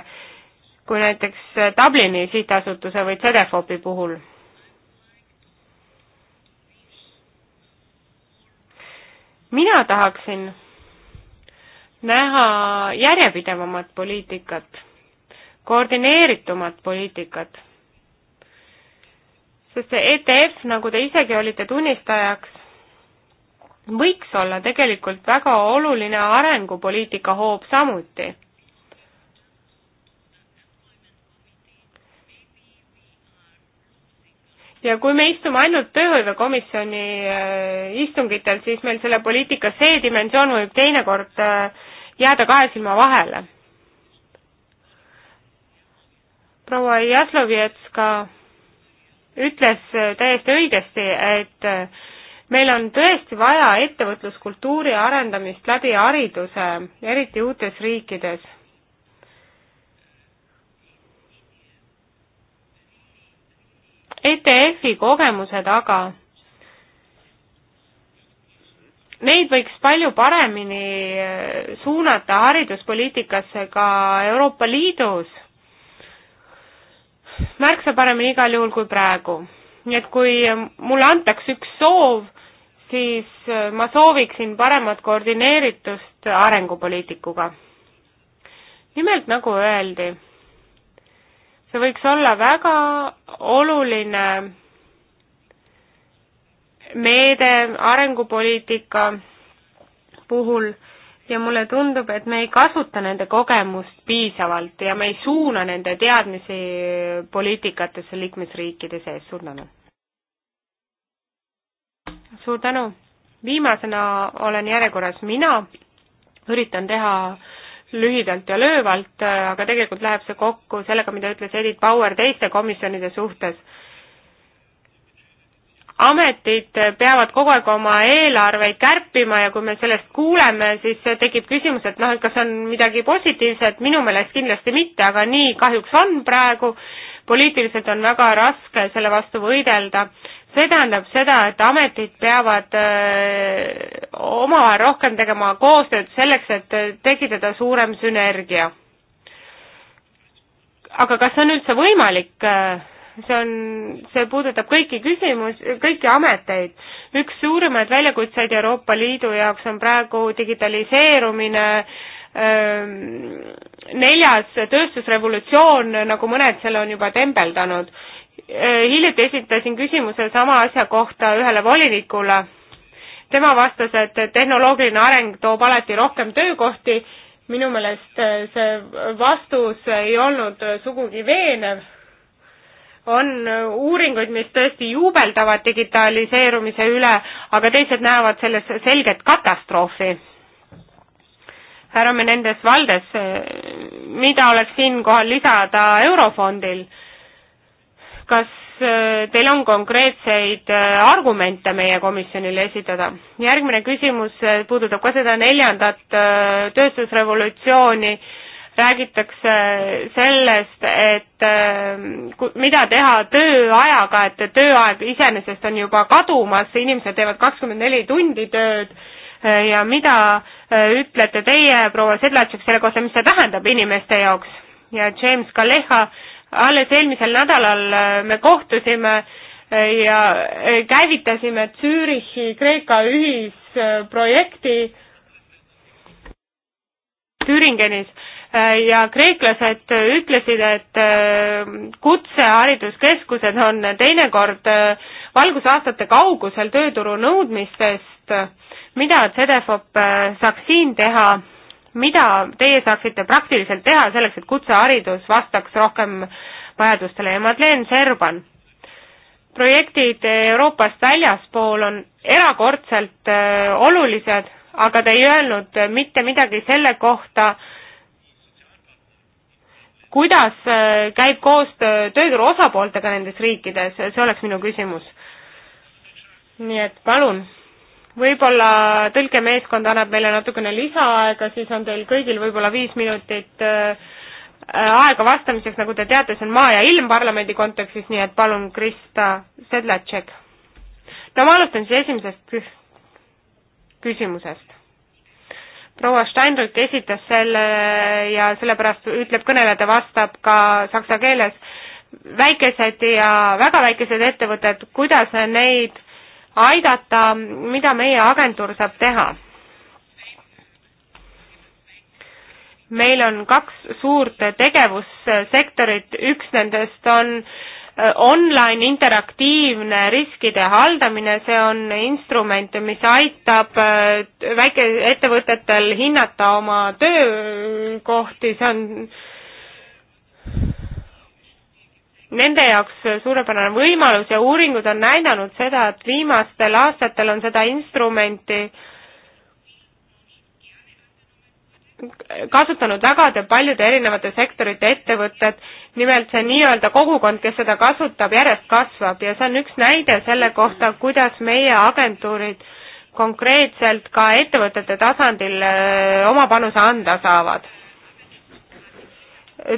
kui näiteks äh, Dublini sihtasutuse või CEDEFOP-i puhul. mina tahaksin näha järjepidevamat poliitikat, koordineeritumat poliitikat sest see ETF, nagu te isegi olite tunnistajaks, võiks olla tegelikult väga oluline arengupoliitika hoob samuti ja kui me istume ainult tööhõivekomisjoni äh, istungitel, siis meil selle poliitika see dimensioon võib teinekord äh, jääda kahe silma vahele. proua Jaslovetska ütles äh, täiesti õigesti, et äh, meil on tõesti vaja ettevõtluskultuuri arendamist läbi hariduse, eriti uutes riikides. ETF-i kogemused aga, neid võiks palju paremini äh, suunata hariduspoliitikasse ka Euroopa Liidus märksa paremini igal juhul kui praegu. nii et kui mulle antaks üks soov, siis äh, ma sooviksin paremat koordineeritust arengupoliitikuga. nimelt, nagu öeldi, see võiks olla väga oluline meede arengupoliitika puhul ja mulle tundub, et me ei kasuta nende kogemust piisavalt ja me ei suuna nende teadmisi poliitikatesse liikmesriikide sees, suur tänu. suur tänu, viimasena olen järjekorras mina, üritan teha lühidalt ja löövalt, aga tegelikult läheb see kokku sellega, mida ütles Edith Bauer teiste komisjonide suhtes ametid peavad kogu aeg oma eelarveid kärpima ja kui me sellest kuuleme, siis tekib küsimus, et noh, et kas on midagi positiivset, minu meelest kindlasti mitte, aga nii kahjuks on praegu, poliitiliselt on väga raske selle vastu võidelda. see tähendab seda, et ametid peavad äh, omavahel rohkem tegema koostööd selleks, et tekitada suurem sünergia. aga kas see on üldse võimalik öö, äh, see on, see puudutab kõiki küsimus, kõiki ameteid. üks suurimaid väljakutseid Euroopa Liidu jaoks on praegu digitaliseerumine, ähm, neljas tööstusrevolutsioon, nagu mõned selle on juba tembeldanud. Äh, hiljuti esitasin küsimuse sama asja kohta ühele volinikule. tema vastas, et tehnoloogiline areng toob alati rohkem töökohti. minu meelest äh, see vastus ei olnud sugugi veenev on uuringuid, mis tõesti juubeldavad digitaliseerumise üle, aga teised näevad selles selget katastroofi. härra Menendez Valdes, mida oleks siinkohal lisada Eurofondil? kas äh, teil on konkreetseid äh, argumente meie komisjonile esitada? järgmine küsimus äh, puudutab ka seda neljandat tööstusrevolutsiooni räägitakse sellest, et äh, mida teha tööajaga, et tööaeg iseenesest on juba kadumas, inimesed teevad kakskümmend neli tundi tööd äh, ja mida äh, ütlete teie, proua Sedlatšuk, selle kohta, mis see tähendab inimeste jaoks? ja James Kaleha, alles eelmisel nädalal me kohtusime ja käivitasime Zürichi Kreeka ühisprojekti Thüringenis Äh, ja kreeklased ütlesid, et äh, kutsehariduskeskused on teinekord äh, valgusaastate kaugusel tööturu nõudmistest, mida CEDEFOP saaks siin teha, mida teie saaksite praktiliselt teha selleks, et kutseharidus vastaks rohkem vajadustele ja Madeleine Serban, projektid Euroopast väljaspool on erakordselt olulised, aga te ei öelnud mitte midagi selle kohta, kuidas äh, käib koostöö tööturu osapooltega nendes riikides, see oleks minu küsimus. nii et palun, võib-olla tõlkemeeskond annab meile natukene lisaaega, siis on teil kõigil võib-olla viis minutit äh, aega vastamiseks, nagu te teate, see on maa ja ilm parlamendi kontekstis, nii et palun, Krista Sedlatšek. no ma alustan siis esimesest küsimusest proua Steinrück esitas selle ja sellepärast ütleb kõneleja, ta vastab ka saksa keeles, väikesed ja väga väikesed ettevõtted, kuidas neid aidata, mida meie agentuur saab teha? meil on kaks suurt tegevussektorit, üks nendest on äh, Äh, online interaktiivne riskide haldamine, see on instrument, mis aitab äh, väikeettevõtetel hinnata oma töökohti, see on nende jaoks suurepärane võimalus ja uuringud on näidanud seda, et viimastel aastatel on seda instrumenti äh, kasutanud väga paljude erinevate sektorite ettevõtted, nimelt see nii-öelda kogukond, kes seda kasutab, järjest kasvab ja see on üks näide selle kohta, kuidas meie agentuurid konkreetselt ka ettevõtete tasandil äh, oma panuse anda saavad.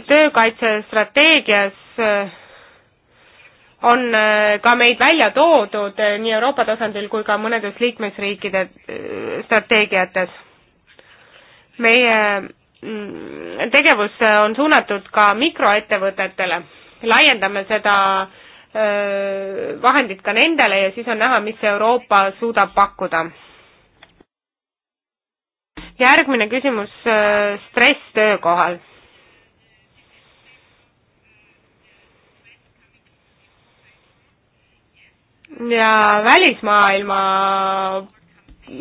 töökaitsestrateegias äh, on äh, ka meid välja toodud nii Euroopa tasandil kui ka mõnedes liikmesriikide strateegiates meie mm, tegevus äh, on suunatud ka mikroettevõtetele, laiendame seda äh, vahendid ka nendele ja siis on näha, mis Euroopa suudab pakkuda. järgmine küsimus, äh, stress töökohal. ja välismaailma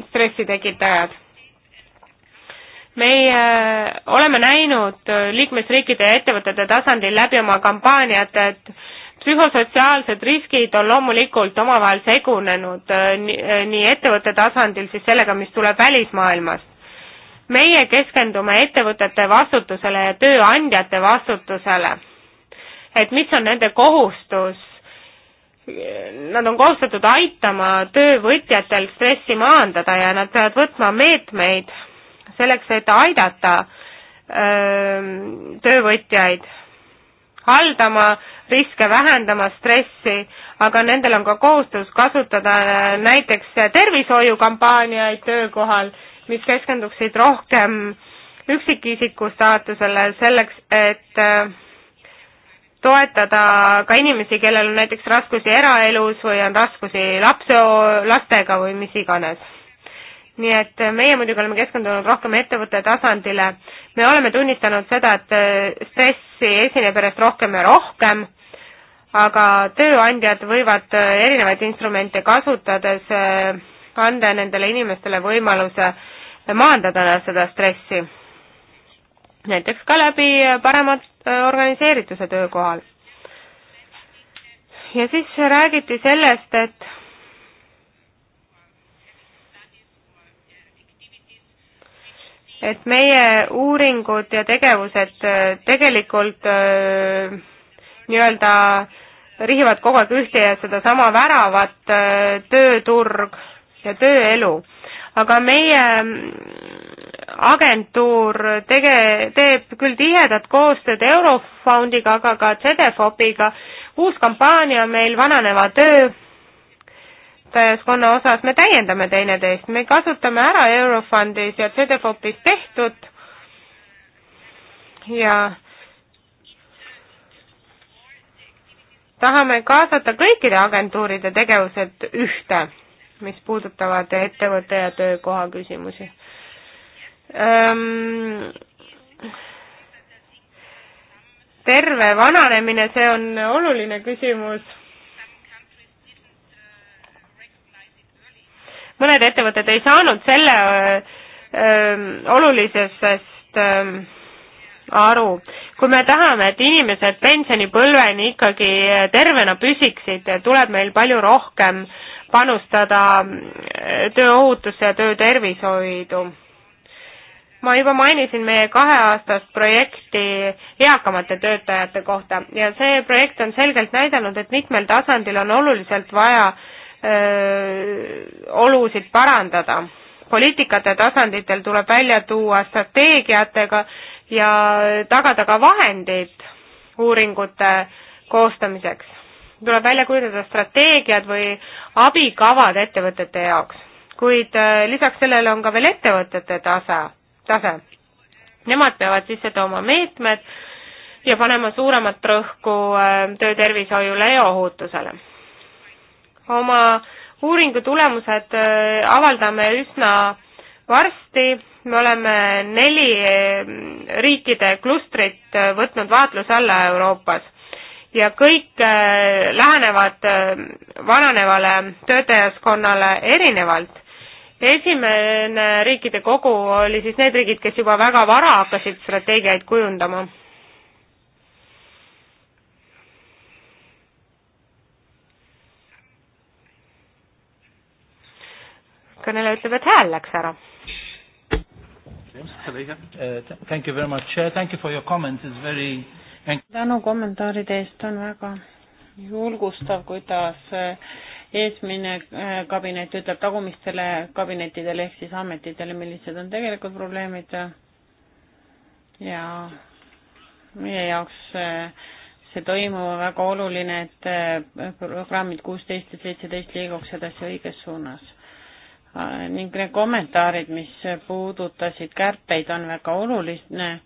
stressi tekitajad meie äh, oleme näinud äh, liikmesriikide ja ettevõtete tasandil läbi oma kampaaniate, et psühhosotsiaalsed riskid on loomulikult omavahel segunenud äh, nii ettevõtte tasandil siis sellega, mis tuleb välismaailmast. meie keskendume ettevõtete vastutusele ja tööandjate vastutusele. et mis on nende kohustus, nad on kohustatud aitama töövõtjatel stressi maandada ja nad peavad võtma meetmeid selleks, et aidata öö, ähm, töövõtjaid haldama riske, vähendama stressi, aga nendel on ka kohustus kasutada äh, näiteks tervishoiukampaaniaid töökohal, mis keskenduksid rohkem üksikisiku staatusele selleks, et äh, toetada ka inimesi, kellel on näiteks raskusi eraelus või on raskusi lapse, lastega või mis iganes nii et äh, meie muidugi oleme keskendunud rohkem ettevõtte tasandile. me oleme tunnistanud seda, et äh, stressi esineb järjest rohkem ja rohkem, aga tööandjad võivad äh, erinevaid instrumente kasutades anda nendele inimestele võimaluse maandada seda stressi. näiteks ka läbi paremat organiseerituse töökohal. ja siis räägiti sellest, et et meie uuringud ja tegevused äh, tegelikult äh, nii-öelda rihivad kogu aeg ühte ja sedasama väravat, äh, tööturg ja tööelu. aga meie mm, agentuur tege-, teeb küll tihedat koostööd Eurofondiga, aga ka CDFOPiga, uus kampaania on meil Vananeva töö, vastutajaskonna osas me täiendame teineteist, me kasutame ära Eurofondis ja CDFOPis tehtut ja tahame kaasata kõikide agentuuride tegevused ühte, mis puudutavad ettevõtte ja töökoha küsimusi ähm, terve vananemine, see on oluline küsimus mõned ettevõtted ei saanud selle öö, ähm, olulisusest öö, ähm, aru. kui me tahame, et inimesed pensionipõlveni ikkagi tervena püsiksid, tuleb meil palju rohkem panustada äh, tööohutusse ja töötervishoidu. ma juba mainisin meie kaheaastast projekti eakamate töötajate kohta ja see projekt on selgelt näidanud, et mitmel tasandil on oluliselt vaja Äh, olusid parandada. poliitikate tasanditel tuleb välja tuua strateegiatega ja tagada ka vahendid uuringute koostamiseks. tuleb välja kujundada strateegiad või abikavad ettevõtete jaoks, kuid äh, lisaks sellele on ka veel ettevõtete tase, tase. Nemad peavad sisse tooma meetmed ja panema suuremat rõhku äh, töötervishoiule ja ohutusele oma uuringu tulemused äh, avaldame üsna varsti, me oleme neli äh, riikide klustrit äh, võtnud vaatluse alla Euroopas ja kõik lähenevad vananevale töötajaskonnale erinevalt. esimene riikide kogu oli siis need riigid, kes juba väga vara hakkasid strateegiaid kujundama kõneleja ütleb, et hääl läks ära. tänu kommentaaride eest, on väga julgustav, kuidas eh, eesmine eh, kabinet ütleb tagumistele kabinetidele ehk siis ametitele, millised on tegelikud probleemid ja meie jaoks eh, see toimuv on väga oluline, et programmid kuusteist ja seitseteist liiguks edasi õiges suunas. Äh, ning need kommentaarid, mis puudutasid kärpeid, on väga oluline.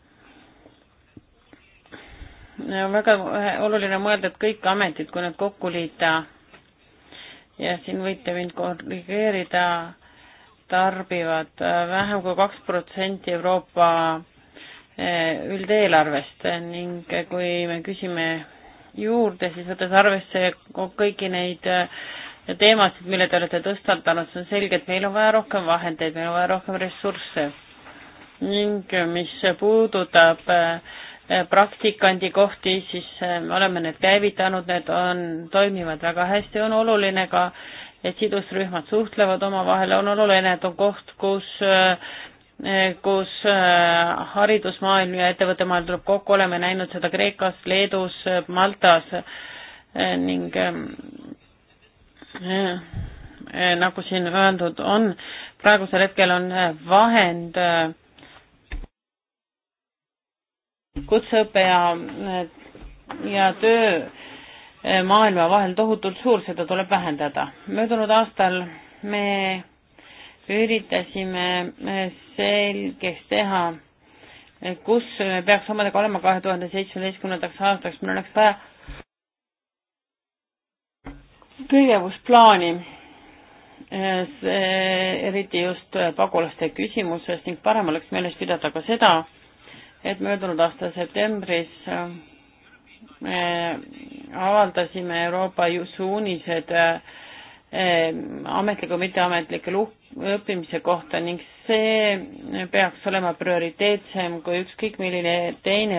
on väga oluline mõelda, et kõik ametid, kui nad kokku liita ja siin võite mind korrigeerida, tarbivad äh, vähem kui kaks protsenti Euroopa äh, üldeelarvest ning kui me küsime juurde, siis võttes arvesse kõiki neid äh, teemasid, mille te olete tõstatanud, see on selge, et meil on vaja rohkem vahendeid, meil on vaja rohkem ressursse. ning mis puudutab eh, praktikandi kohti, siis eh, me oleme need käivitanud, need on, toimivad väga hästi, on oluline ka, et sidusrühmad suhtlevad omavahel, on oluline, et on koht, kus eh, kus haridusmaailm ja ettevõttemaailm tuleb kokku, oleme näinud seda Kreekas, Leedus, Maltas ning Äh, nagu siin öeldud on, praegusel hetkel on äh, vahend äh, kutseõpe ja, ja töö maailma vahel tohutult suur, seda tuleb vähendada. möödunud aastal me üritasime selgeks teha, kus me peaks omadega olema kahe tuhande seitsmeteistkümnendaks aastaks, meil oleks vaja tegevusplaani, eh, eriti just eh, pagulaste küsimuses ning parem oleks meeles pidada ka seda, et möödunud aasta septembris me eh, avaldasime Euroopa suunised ametliku, mitteametliku õppimise kohta ning see peaks olema prioriteetsem kui ükskõik milline teine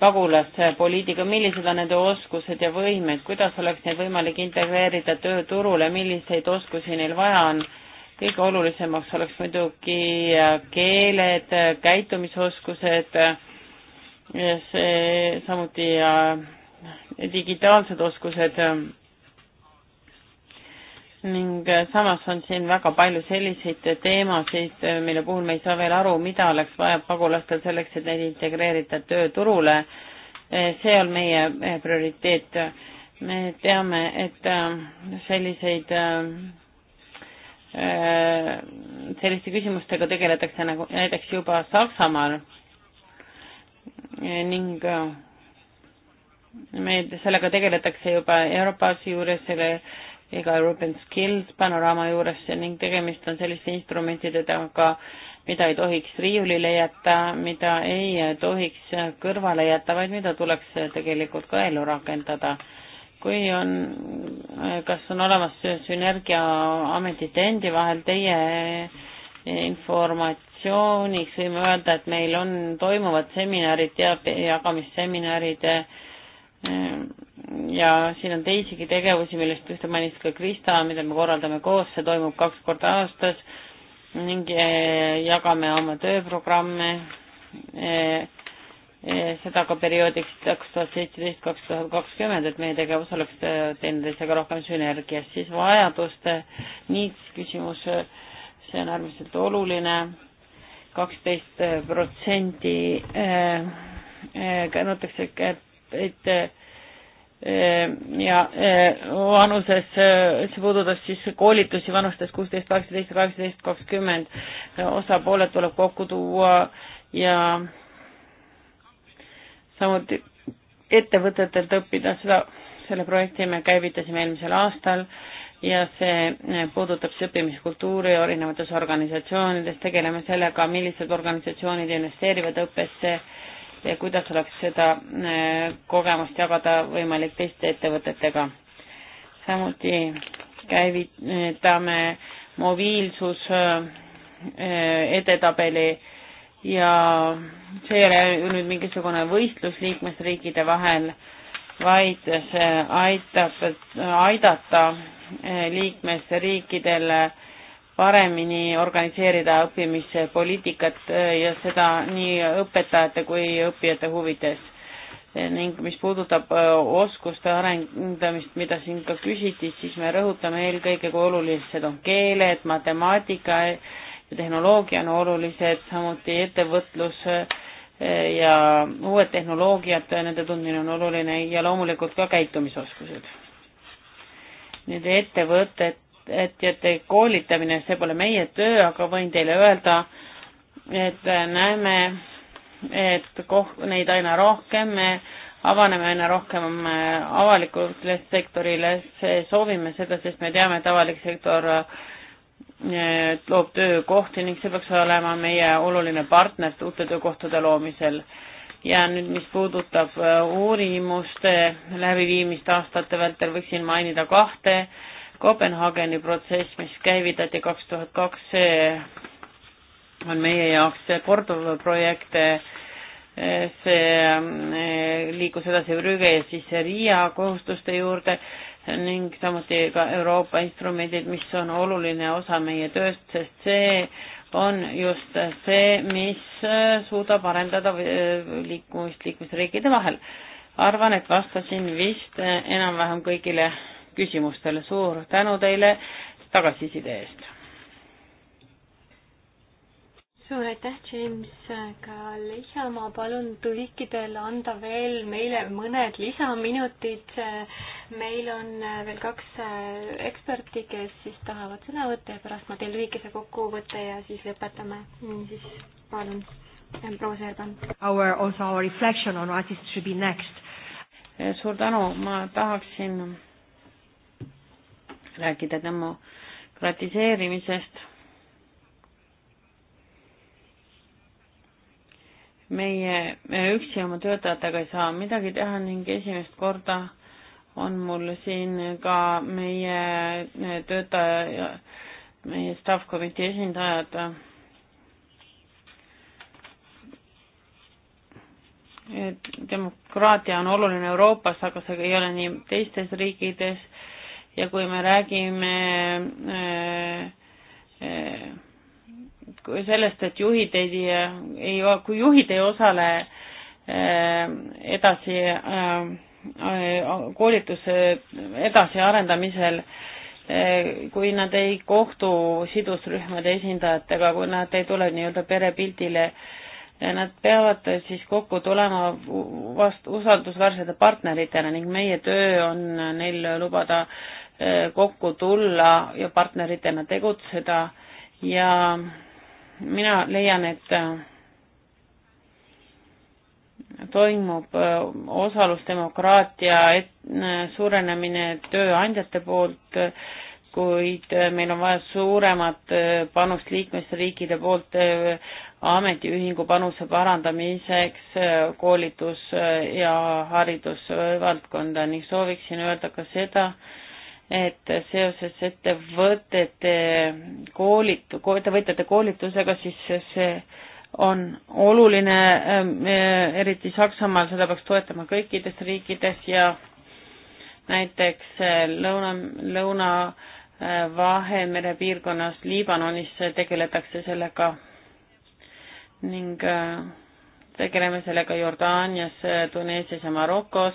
pagulaspoliitika, millised on nende oskused ja võimed, kuidas oleks neid võimalik integreerida tööturule, milliseid oskusi neil vaja on. kõige olulisemaks oleks muidugi äh, keeled, äh, käitumisoskused, äh, see samuti digitaalsed oskused ning äh, samas on siin väga palju selliseid teemasid, äh, mille puhul me ei saa veel aru, mida oleks vaja pagulastel selleks, et neid integreerida tööturule. Äh, see on meie prioriteet. me teame, et selliseid, selliste küsimustega tegeletakse nagu näiteks juba Saksamaal ning meil sellega tegeletakse juba Euroopa asju juures selle ega European Skills panoraama juures ning tegemist on selliste instrumentidega, mida ei tohiks riiulile jätta, mida ei tohiks kõrvale jätta, vaid mida tuleks tegelikult ka ellu rakendada. kui on, kas on olemas sünergia ametite endi vahel, teie informatsiooniks võime öelda, et meil on, toimuvad seminarid, teabe jagamisseminarid ja siin on teisigi tegevusi, millest ühte mainis ka Krista, mida me korraldame koos, see toimub kaks korda aastas ning eh, jagame oma tööprogramme, eh, eh, seda ka perioodiks kaks tuhat seitseteist, kaks tuhat kakskümmend, et meie tegevus oleks teineteisega rohkem sünergias, siis vajaduste niits küsimus, see on äärmiselt oluline, kaksteist protsenti nõutakse, et, et, et Ehm, ja eh, vanuses, eh, see puudutas siis koolitusi vanustes kuusteist, kaheksateist ja kaheksateist, kakskümmend. Eh, osapooled tuleb kokku tuua ja samuti ettevõtetelt õppida, seda, selle projekti me käivitasime eelmisel aastal ja see puudutab siis õppimiskultuuri erinevates organisatsioonides, tegeleme sellega, millised organisatsioonid investeerivad õppesse ja kuidas oleks seda äh, kogemust jagada võimalik teiste ettevõtetega. samuti käivitame mobiilsus äh, edetabeli ja see ei ole nüüd mingisugune võistlus liikmesriikide vahel, vaid see aitab aidata äh, liikmesriikidele paremini organiseerida õppimispoliitikat äh, ja seda nii õpetajate kui õppijate huvides. ning mis puudutab äh, oskuste arendamist, mida siin ka küsiti, siis me rõhutame eelkõige, kui olulised on keeled, matemaatika ja äh, tehnoloogia on olulised, samuti ettevõtlus ja uued tehnoloogiad, nende tundmine on oluline ja loomulikult ka käitumisoskused. nüüd ettevõtted ettevõtjate koolitamine, see pole meie töö, aga võin teile öelda, et näeme, et koh-, neid aina rohkem, me avaneme aina rohkem äh, avalikule sektorile, soovime seda, sest me teame, et avalik sektor äh, loob töökohti ning see peaks olema meie oluline partner uute töökohtade loomisel. ja nüüd, mis puudutab äh, uurimuste läbiviimist aastate vältel, võiksin mainida kahte äh, Kopenhaageni protsess, mis käivitati kaks tuhat kaks, see on meie jaoks korduv projekt, see eh, liikus edasi Brügge ja siis Riia kohustuste juurde ning samuti ka Euroopa instrumendid, mis on oluline osa meie tööst, sest see on just see, mis suudab arendada eh, liikumist liikmesriikide vahel. arvan, et vastasin vist enam-vähem kõigile küsimustele. suur tänu teile tagasiside eest. suur aitäh, James, ka lisa, ma palun kõikidel anda veel meile mõned lisaminutid. meil on veel kaks äh, eksperti, kes siis tahavad sõna võtta ja pärast ma teen lühikese kokkuvõtte ja siis lõpetame. niisiis, palun, ähm, proua Serban. Our, also our reflection on what is to be next. suur tänu, ma tahaksin rääkida demokratiseerimisest. meie, me üksi oma töötajatega ei saa midagi teha ning esimest korda on mul siin ka meie töötaja, meie staff komitee esindajad demokraatia on oluline Euroopas, aga see ei ole nii teistes riikides ja kui me räägime äh, äh, kui sellest, et juhid ei, ei, kui juhid ei osale äh, edasi koolituse edasiarendamisel, kui nad ei kohtu sidusrühmade esindajatega, kui nad ei tule nii-öelda perepildile äh, nad peavad siis kokku tulema vast usaldusväärsete partneritena ning meie töö on neil lubada eh, kokku tulla ja partneritena tegutseda ja mina leian, et eh, toimub eh, osalusdemokraatia suurenemine tööandjate poolt, kuid meil on vaja suuremat panust liikmesriikide poolt ametiühingu panuse parandamiseks koolitus ja haridusvaldkonda ning sooviksin öelda ka seda, et seoses ettevõtete koolit-, ettevõtjate koolitusega, siis see on oluline, eh, eriti Saksamaal, seda peaks toetama kõikides riikides ja näiteks eh, lõuna, lõuna eh, Vahemere piirkonnas Liibanonis tegeletakse sellega ning äh, tegeleme sellega Jordaanias, äh, Tuneesias ja Marokos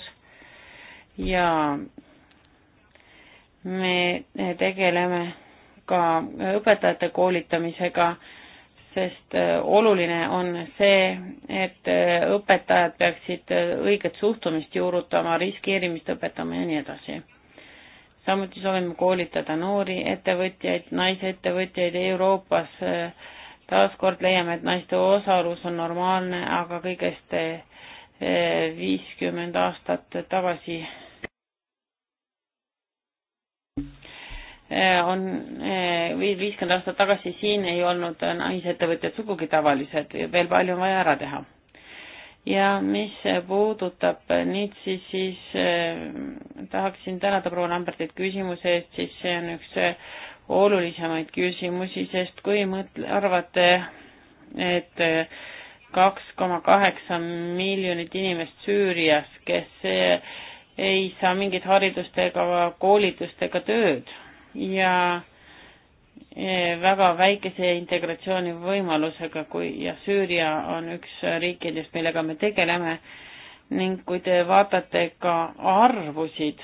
ja me tegeleme ka õpetajate koolitamisega, sest äh, oluline on see, et õpetajad peaksid õiget suhtumist juurutama, riskeerimist õpetama ja nii edasi. samuti soovime koolitada noori ettevõtjaid, naisettevõtjaid Euroopas äh, taaskord leiame, et naiste osalus on normaalne, aga kõigest eh, viiskümmend aastat tagasi eh, on eh, viiskümmend aastat tagasi siin ei olnud naisettevõtjad sugugi tavalised, veel palju on vaja ära teha. ja mis puudutab NITS-i, siis tahaksin tänada proua Lambertit küsimuse eest, siis see on üks olulisemaid küsimusi, sest kui mõtle, arvate, et kaks koma kaheksa miljonit inimest Süürias, kes ei saa mingit haridust ega koolitust ega tööd ja e, väga väikese integratsiooni võimalusega, kui ja Süüria on üks riikidest, millega me tegeleme ning kui te vaatate ka arvusid,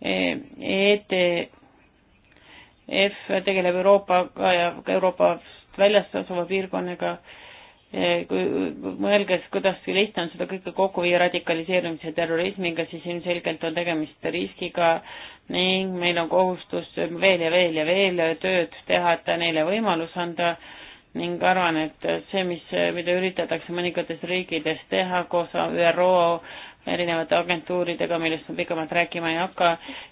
ETF tegeleb Euroopaga ja ka Euroopast väljast asuva piirkonnaga. E, kui mõelges, kuidas lihtne on seda kõike kokku viia radikaliseerumise terrorismiga, siis ilmselgelt on tegemist riskiga ning meil on kohustus veel ja veel ja veel tööd teha, et neile võimalus anda ning arvan, et see, mis, mida üritatakse mõningates riikides teha koos ÜRO erinevate agentuuridega, millest ma pikemalt rääkima ei hakka,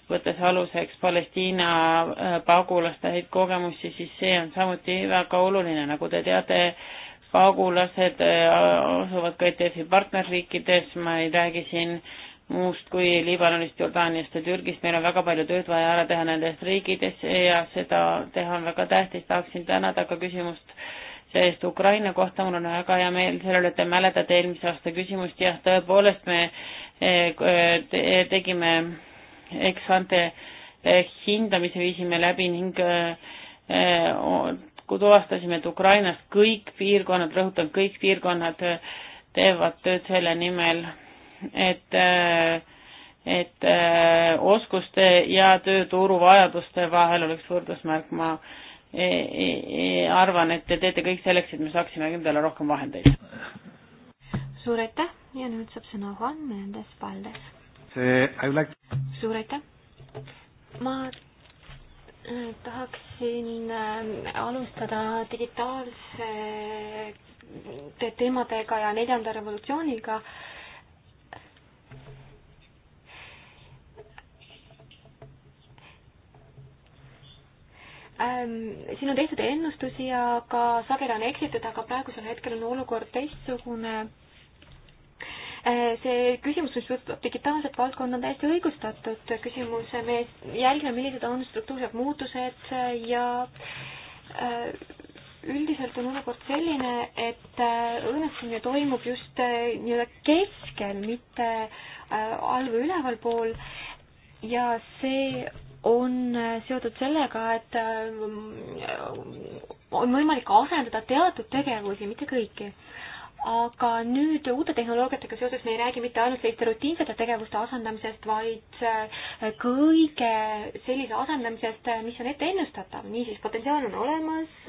võttes aluseks Palestiina äh, pagulaste häid kogemusi, siis see on samuti väga oluline, nagu te teate, pagulased äh, asuvad ka ETF-i partnerriikides, ma ei räägi siin muust kui Liibanonist, Jordaaniast ja Türgist, meil on väga palju tööd vaja ära teha nendes riikides ja seda teha on väga tähtis, tahaksin tänada ka küsimust äh, sest Ukraina kohta mul on väga hea meel selle üle, et te mäletate eelmise aasta küsimust, jah, tõepoolest me eh, tegime eksante eh, hindamise viisime läbi ning eh, kui tuvastasime, et Ukrainas kõik piirkonnad, rõhutan, kõik piirkonnad teevad tööd selle nimel, et, et oskuste ja tööturu vajaduste vahel oleks võrdusmärk. ma E, e, e arvan, et te teete kõik selleks, et me saaksime endale rohkem vahendeid. suur aitäh ja nüüd saab sõna Juan Mendes Valdes. Like... suur aitäh. ma tahaksin alustada digitaalse teemadega ja neljanda revolutsiooniga äh, Ähm, siin on tehtud ennustusi ja ka sageli on eksitud, aga praegusel hetkel on olukord teistsugune. Äh, see küsimus, mis puudutab digitaalset valdkonda, on täiesti õigustatud küsimus. me jälgime, millised on struktuursed muutused ja äh, üldiselt on olukord selline, et äh, õnnestumine toimub just nii-öelda keskel, mitte all või ülevalpool ja see on äh, seotud sellega, et äh, on võimalik asendada teatud tegevusi, mitte kõiki. aga nüüd uute tehnoloogiatega seoses me ei räägi mitte ainult selliste rutiinsete tegevuste asendamisest, vaid äh, kõige sellise asendamisest, mis on ette ennustatav, niisiis potentsiaal on olemas,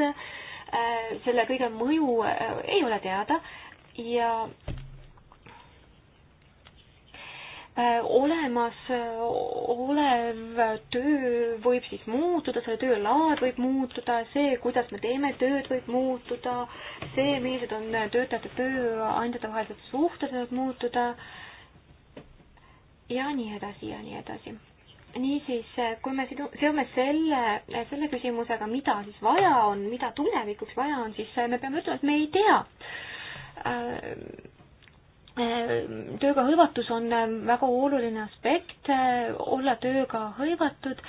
selle kõige mõju ei ole teada ja Äh, olemas äh, olev töö võib siis muutuda, selle töö laad võib muutuda, see, kuidas me teeme tööd, võib muutuda, see, millised on töötajate tööandjate vahelised suhted, võib muutuda ja nii edasi ja nii edasi. niisiis, äh, kui me sidu-, seome selle, selle küsimusega, mida siis vaja on, mida tulevikuks vaja on, siis me peame ütlema, et me ei tea Äh, tööga hõivatus on äh, väga oluline aspekt, äh, olla tööga hõivatud,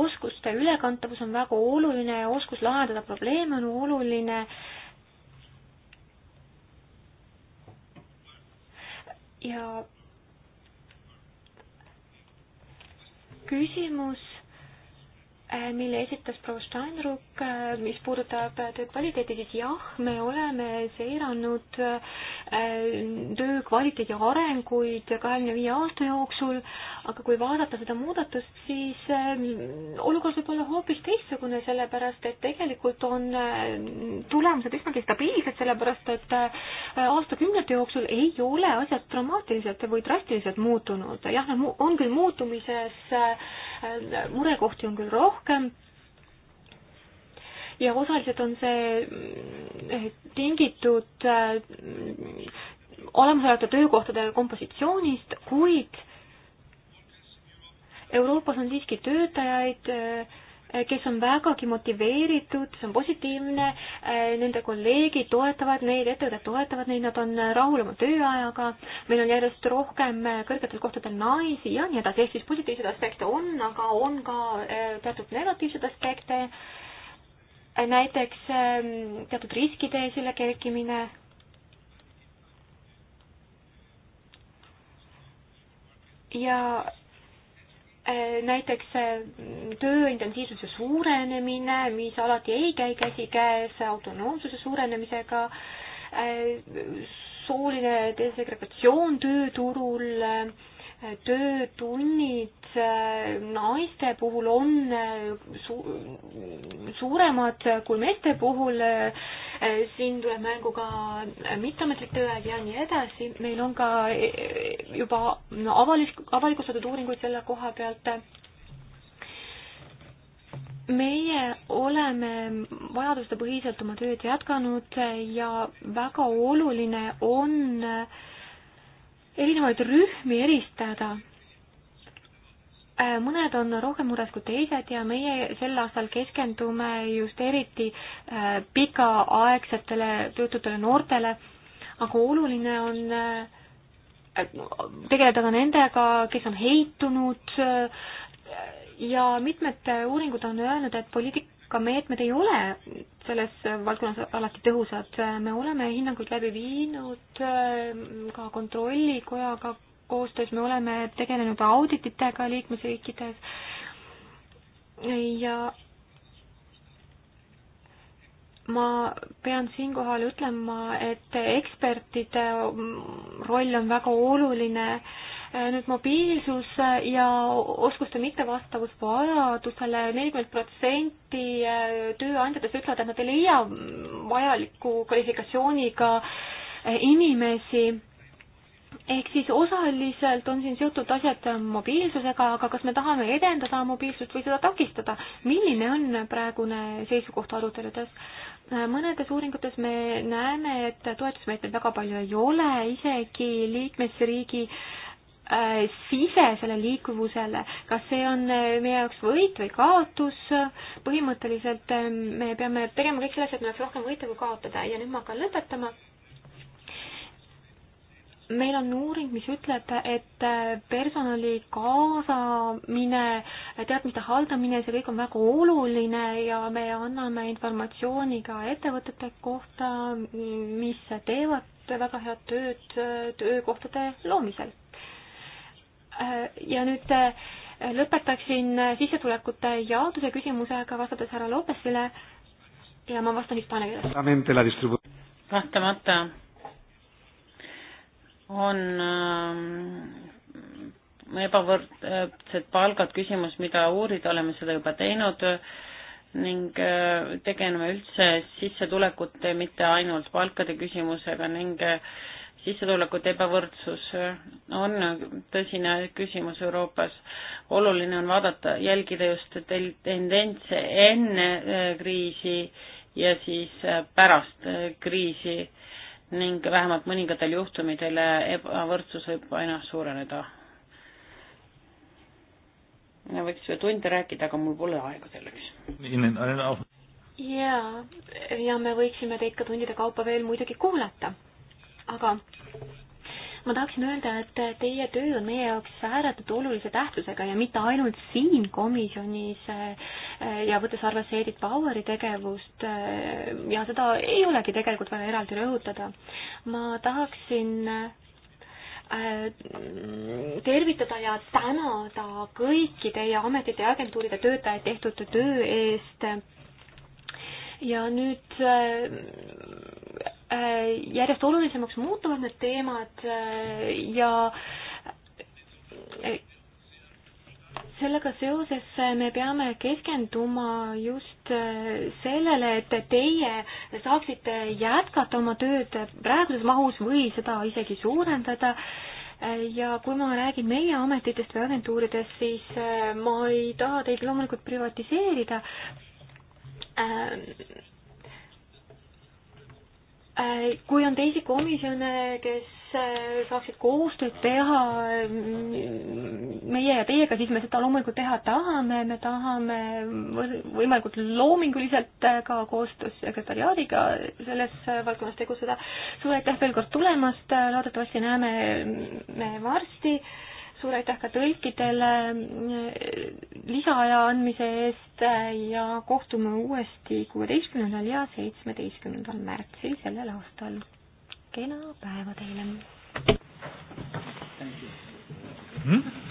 oskuste ülekantavus on väga oluline, oskus lahendada probleeme on oluline. ja küsimus Äh, mille esitas proua Steinruck, äh, mis puudutab äh, töö kvaliteeti, siis jah, me oleme seiranud töö kvaliteedi arenguid kahekümne viie aasta jooksul, aga kui vaadata seda muudatust, siis olukord võib olla hoopis teistsugune, sellepärast et tegelikult on tulemused üsnagi stabiilsed, sellepärast et aastakümnete jooksul ei ole asjad dramaatiliselt või drastiliselt muutunud. jah, nad on küll muutumises, murekohti on küll rohkem, rohkem. ja osaliselt on see mm, tingitud äh, olemasolevate töökohtade kompositsioonist, kuid Euroopas on siiski töötajaid, äh, kes on vägagi motiveeritud, see on positiivne, eh, nende kolleegid toetavad neid, ettevõtted toetavad neid, nad on rahul oma tööajaga, meil on järjest rohkem eh, kõrgetel kohtadel naisi ja nii edasi, ehk siis positiivseid aspekte on, aga on ka eh, teatud negatiivseid aspekte, näiteks ehm, teatud riskide esile kerkimine, ja Äh, näiteks äh, töö intensiivsuse suurenemine, mis alati ei käi käsikäes autonoomsuse suurenemisega, äh, sooline desegregatsioon tööturul töötunnid äh, naiste puhul on äh, su suuremad kui meeste puhul, äh, siin tuleb mängu ka mitteametlik tööaeg ja nii edasi, meil on ka juba avalik, avalikustatud uuringuid selle koha pealt, meie oleme vajadustepõhiselt oma tööd jätkanud ja väga oluline on äh, erinevaid rühmi eristada. Äh, mõned on rohkem mures kui teised ja meie sel aastal keskendume just eriti äh, pikaaegsetele töötutele noortele, aga oluline on äh, tegeleda ka nendega, kes on heitunud ja mitmed uuringud on öelnud, et poliitik-, ka meetmed ei ole selles valdkonnas alati tõhusad. me oleme hinnanguid läbi viinud mm, ka kontrollikojaga koostöös, me oleme tegelenud audititega liikmesriikides ja ma pean siinkohal ütlema, et ekspertide mm, roll on väga oluline äh, Äh, nüüd mobiilsus äh, ja oskuste mittevastavus vajadusele, nelikümmend protsenti äh, tööandjatest ütlevad, et nad ei leia vajaliku kvalifikatsiooniga inimesi ehk siis osaliselt on siin seotud asjad mobiilsusega, aga kas me tahame edendada mobiilsust või seda takistada? milline on praegune seisukoht aruteludes? mõnedes uuringutes me näeme, et toetusmeetmeid väga palju ei ole, isegi liikmesriigi äh, Äh, sise selle liikuvusele, kas see on äh, meie jaoks võit või kaotus, põhimõtteliselt äh, me peame tegema kõik selleks, et meil oleks rohkem võita kui kaotada ja nüüd ma hakkan lõpetama. meil on uuring, mis ütleb, et personali kaasamine, teadmiste haldamine, see kõik on väga oluline ja me anname informatsiooni ka ettevõtete kohta, mis teevad väga head tööd töökohtade loomisel Äh, ja nüüd äh, lõpetaksin äh, sissetulekute jaotuse küsimusega, vastates härra Lopesile ja ma vastan hispaania keeles. kahtlemata on ähm, ebavõrdsed palgad küsimus, mida uurida, oleme seda juba teinud ning tegeleme üldse sissetulekute, mitte ainult palkade küsimusega ning äh, sissetulekute ebavõrdsus äh, on tõsine küsimus Euroopas. oluline on vaadata, jälgida just tendentse enne äh, kriisi ja siis äh, pärast kriisi ning vähemalt mõningatel juhtumitel ebavõrdsus võib aina suureneda. võiks ju tunde rääkida, aga mul pole aega selleks. jaa, ja me võiksime teid ka tundide kaupa veel muidugi kuulata aga ma tahaksin öelda, et teie töö on meie jaoks ääretult olulise tähtsusega ja mitte ainult siin komisjonis eh, ja võttes arvesse Edith Baueri tegevust eh, ja seda ei olegi tegelikult vaja eraldi rõhutada. ma tahaksin eh, tervitada ja tänada kõiki teie ametite ja agentuuride töötajaid tehtud töö eest. ja nüüd Äh, järjest olulisemaks muutuvad need teemad äh, ja äh, sellega seoses me peame keskenduma just sellele, et teie saaksite jätkata oma tööd praeguses mahus või seda isegi suurendada. ja kui ma räägin meie ametitest või agentuuridest, siis ma ei taha teid loomulikult privatiseerida Äh, kui on teisi komisjone, kes äh, saaksid koostööd teha mm, meie ja teiega, siis me seda loomulikult teha tahame, me tahame võimalikult loominguliselt äh, ka koostöös sekretäriaadiga selles valdkonnas tegutseda. suur aitäh veel kord tulemast, loodetavasti näeme mm, me varsti suur aitäh ka tõlkidele eh, lisaaja andmise eest eh, ja kohtume uuesti kuueteistkümnendal ja seitsmeteistkümnendal märtsil sellel aastal. kena päeva teile! Hmm?